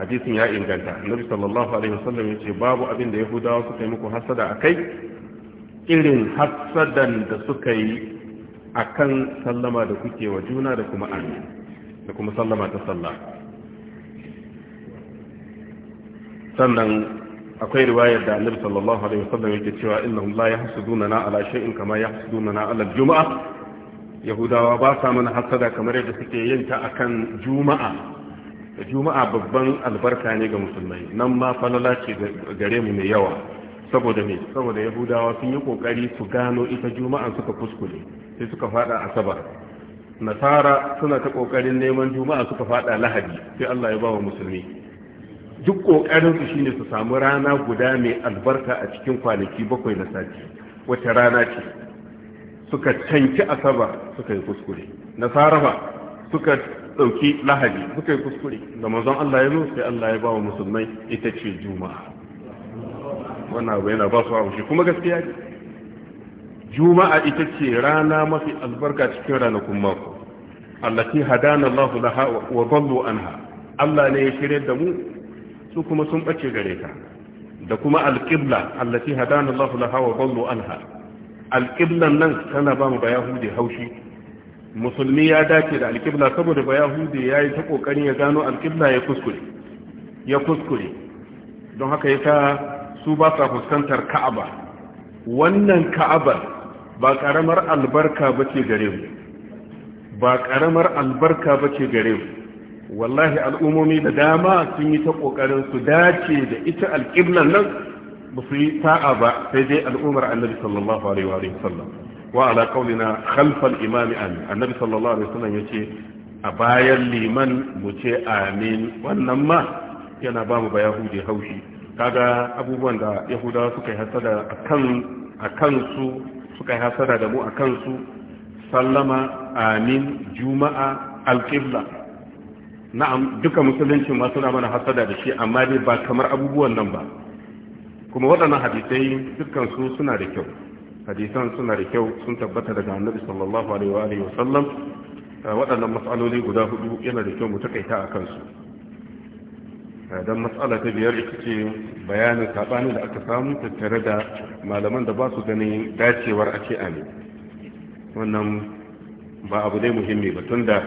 hadisin ya inganta annabi sallallahu alaihi wasallam ce babu abin da yahudawa suka yi muku hasada akai irin hassadan da suka yi a kan sallama da kuke wa juna da kuma amin da kuma sallama ta sallah sannan akwai riwayar da annabi sallallahu alaihi wasallam yake cewa innahum la yahsuduna na ala shay'in kama yahsuduna na ala juma'a yahudawa ba sa mana hasada kamar yadda suke yin ta akan juma'a juma'a babban albarka ne ga musulmai nan ma falala ce gare mu mai yawa saboda me saboda yahudawa sun yi kokari su gano ita juma'an suka kuskure sai suka fada asabar nasara suna ta kokarin neman juma'a suka fada lahadi sai Allah ya bawa musulmi duk kokarin su shine su samu rana guda mai albarka a cikin kwanaki bakwai na sati wata rana ce suka canki asabar suka yi kuskure nasara ba suka dauki lahadi suka yi kuskure da manzon Allah ya nuna sai Allah ya bawa musulmai ita ce juma'a wannan abu yana ba su haushi kuma gaskiya ne juma'a ita ce rana mafi albarka cikin ranakun mako allati hadana Allah laha wa dallu anha Allah ne ya shirye da mu su kuma sun bace gare ta da kuma alqibla allati hadana Allah laha wa dallu anha alqiblan nan tana ba mu bayahudi haushi musulmi ya dace da alqibla saboda bayahudi yayi ta kokarin ya gano alqibla ya kuskure ya kuskure don haka ya yasa su ba sa fuskantar ka'aba wannan ka'abar ba ƙaramar albarka bace gare mu ba ƙaramar albarka bace gare mu wallahi al'umomi da dama sun yi ta ƙoƙarin su dace da ita alƙiblan nan ba su yi sa'a ba sai dai al'umar annabi sallallahu alaihi wa sallam wa ala qaulina khalfal imami amin annabi sallallahu alaihi wa sallam yace a bayan liman mu ce amin wannan ma yana ba mu ba yahudi haushi kaga abubuwan da yahudawa suka yi hasada a su suka yi hasada da mu a kansu sallama amin juma'a alƙibla na'am duka musulunci ma suna mana hasada da shi amma dai ba kamar abubuwan nan ba kuma waɗannan hadisai su suna da kyau hadisan suna da kyau sun tabbata daga annabi sallallahu alaihi wa sallam waɗannan mas'aloli guda hudu yana da kyau mu takaita a kansu Eh, don matsala ta biyar ita ce bayanin saɓanin da aka samu tattare da malaman da ba su ganin dacewar a ce wannan ba abu dai muhimmi ba tun da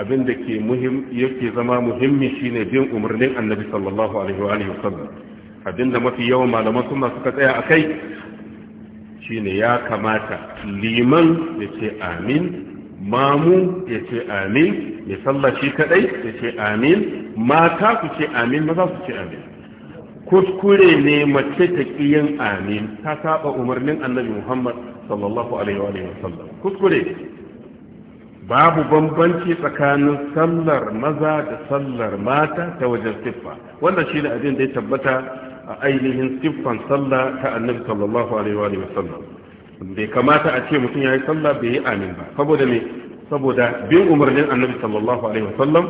abin da ke muhim yake zama muhimmi shine bin umarnin annabi sallallahu alaihi wa alihi wasallam abin da mafi yawan malaman sunna suka tsaya a kai shine ya kamata liman ya ce amin mamu ya ce amin mai sallaci kadai ya ce amin mata ku ce amin maza ku ce amin kuskure ne mace ta yin amin ta saba umarnin annabi muhammad sallallahu alaihi wa sallam kuskure babu bambanci tsakanin sallar maza da sallar mata ta wajen siffa wanda shi ne abin da ya tabbata a ainihin siffan sallah ta annabi sallallahu alaihi wa sallam bai kamata a ce mutum ya yi sallah bai yi amin ba saboda me saboda bin umarnin annabi sallallahu alaihi wasallam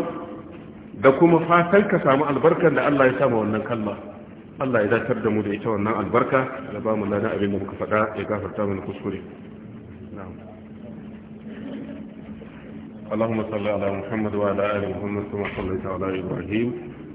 da kuma fatan ka samu albarkar da Allah ya sama wannan kalma Allah ya zartar da mu da ita wannan albarka da ba mu lana abin da muka faɗa ya gafarta mana kuskure اللهم صل على محمد وعلى آل محمد كما صليت على إبراهيم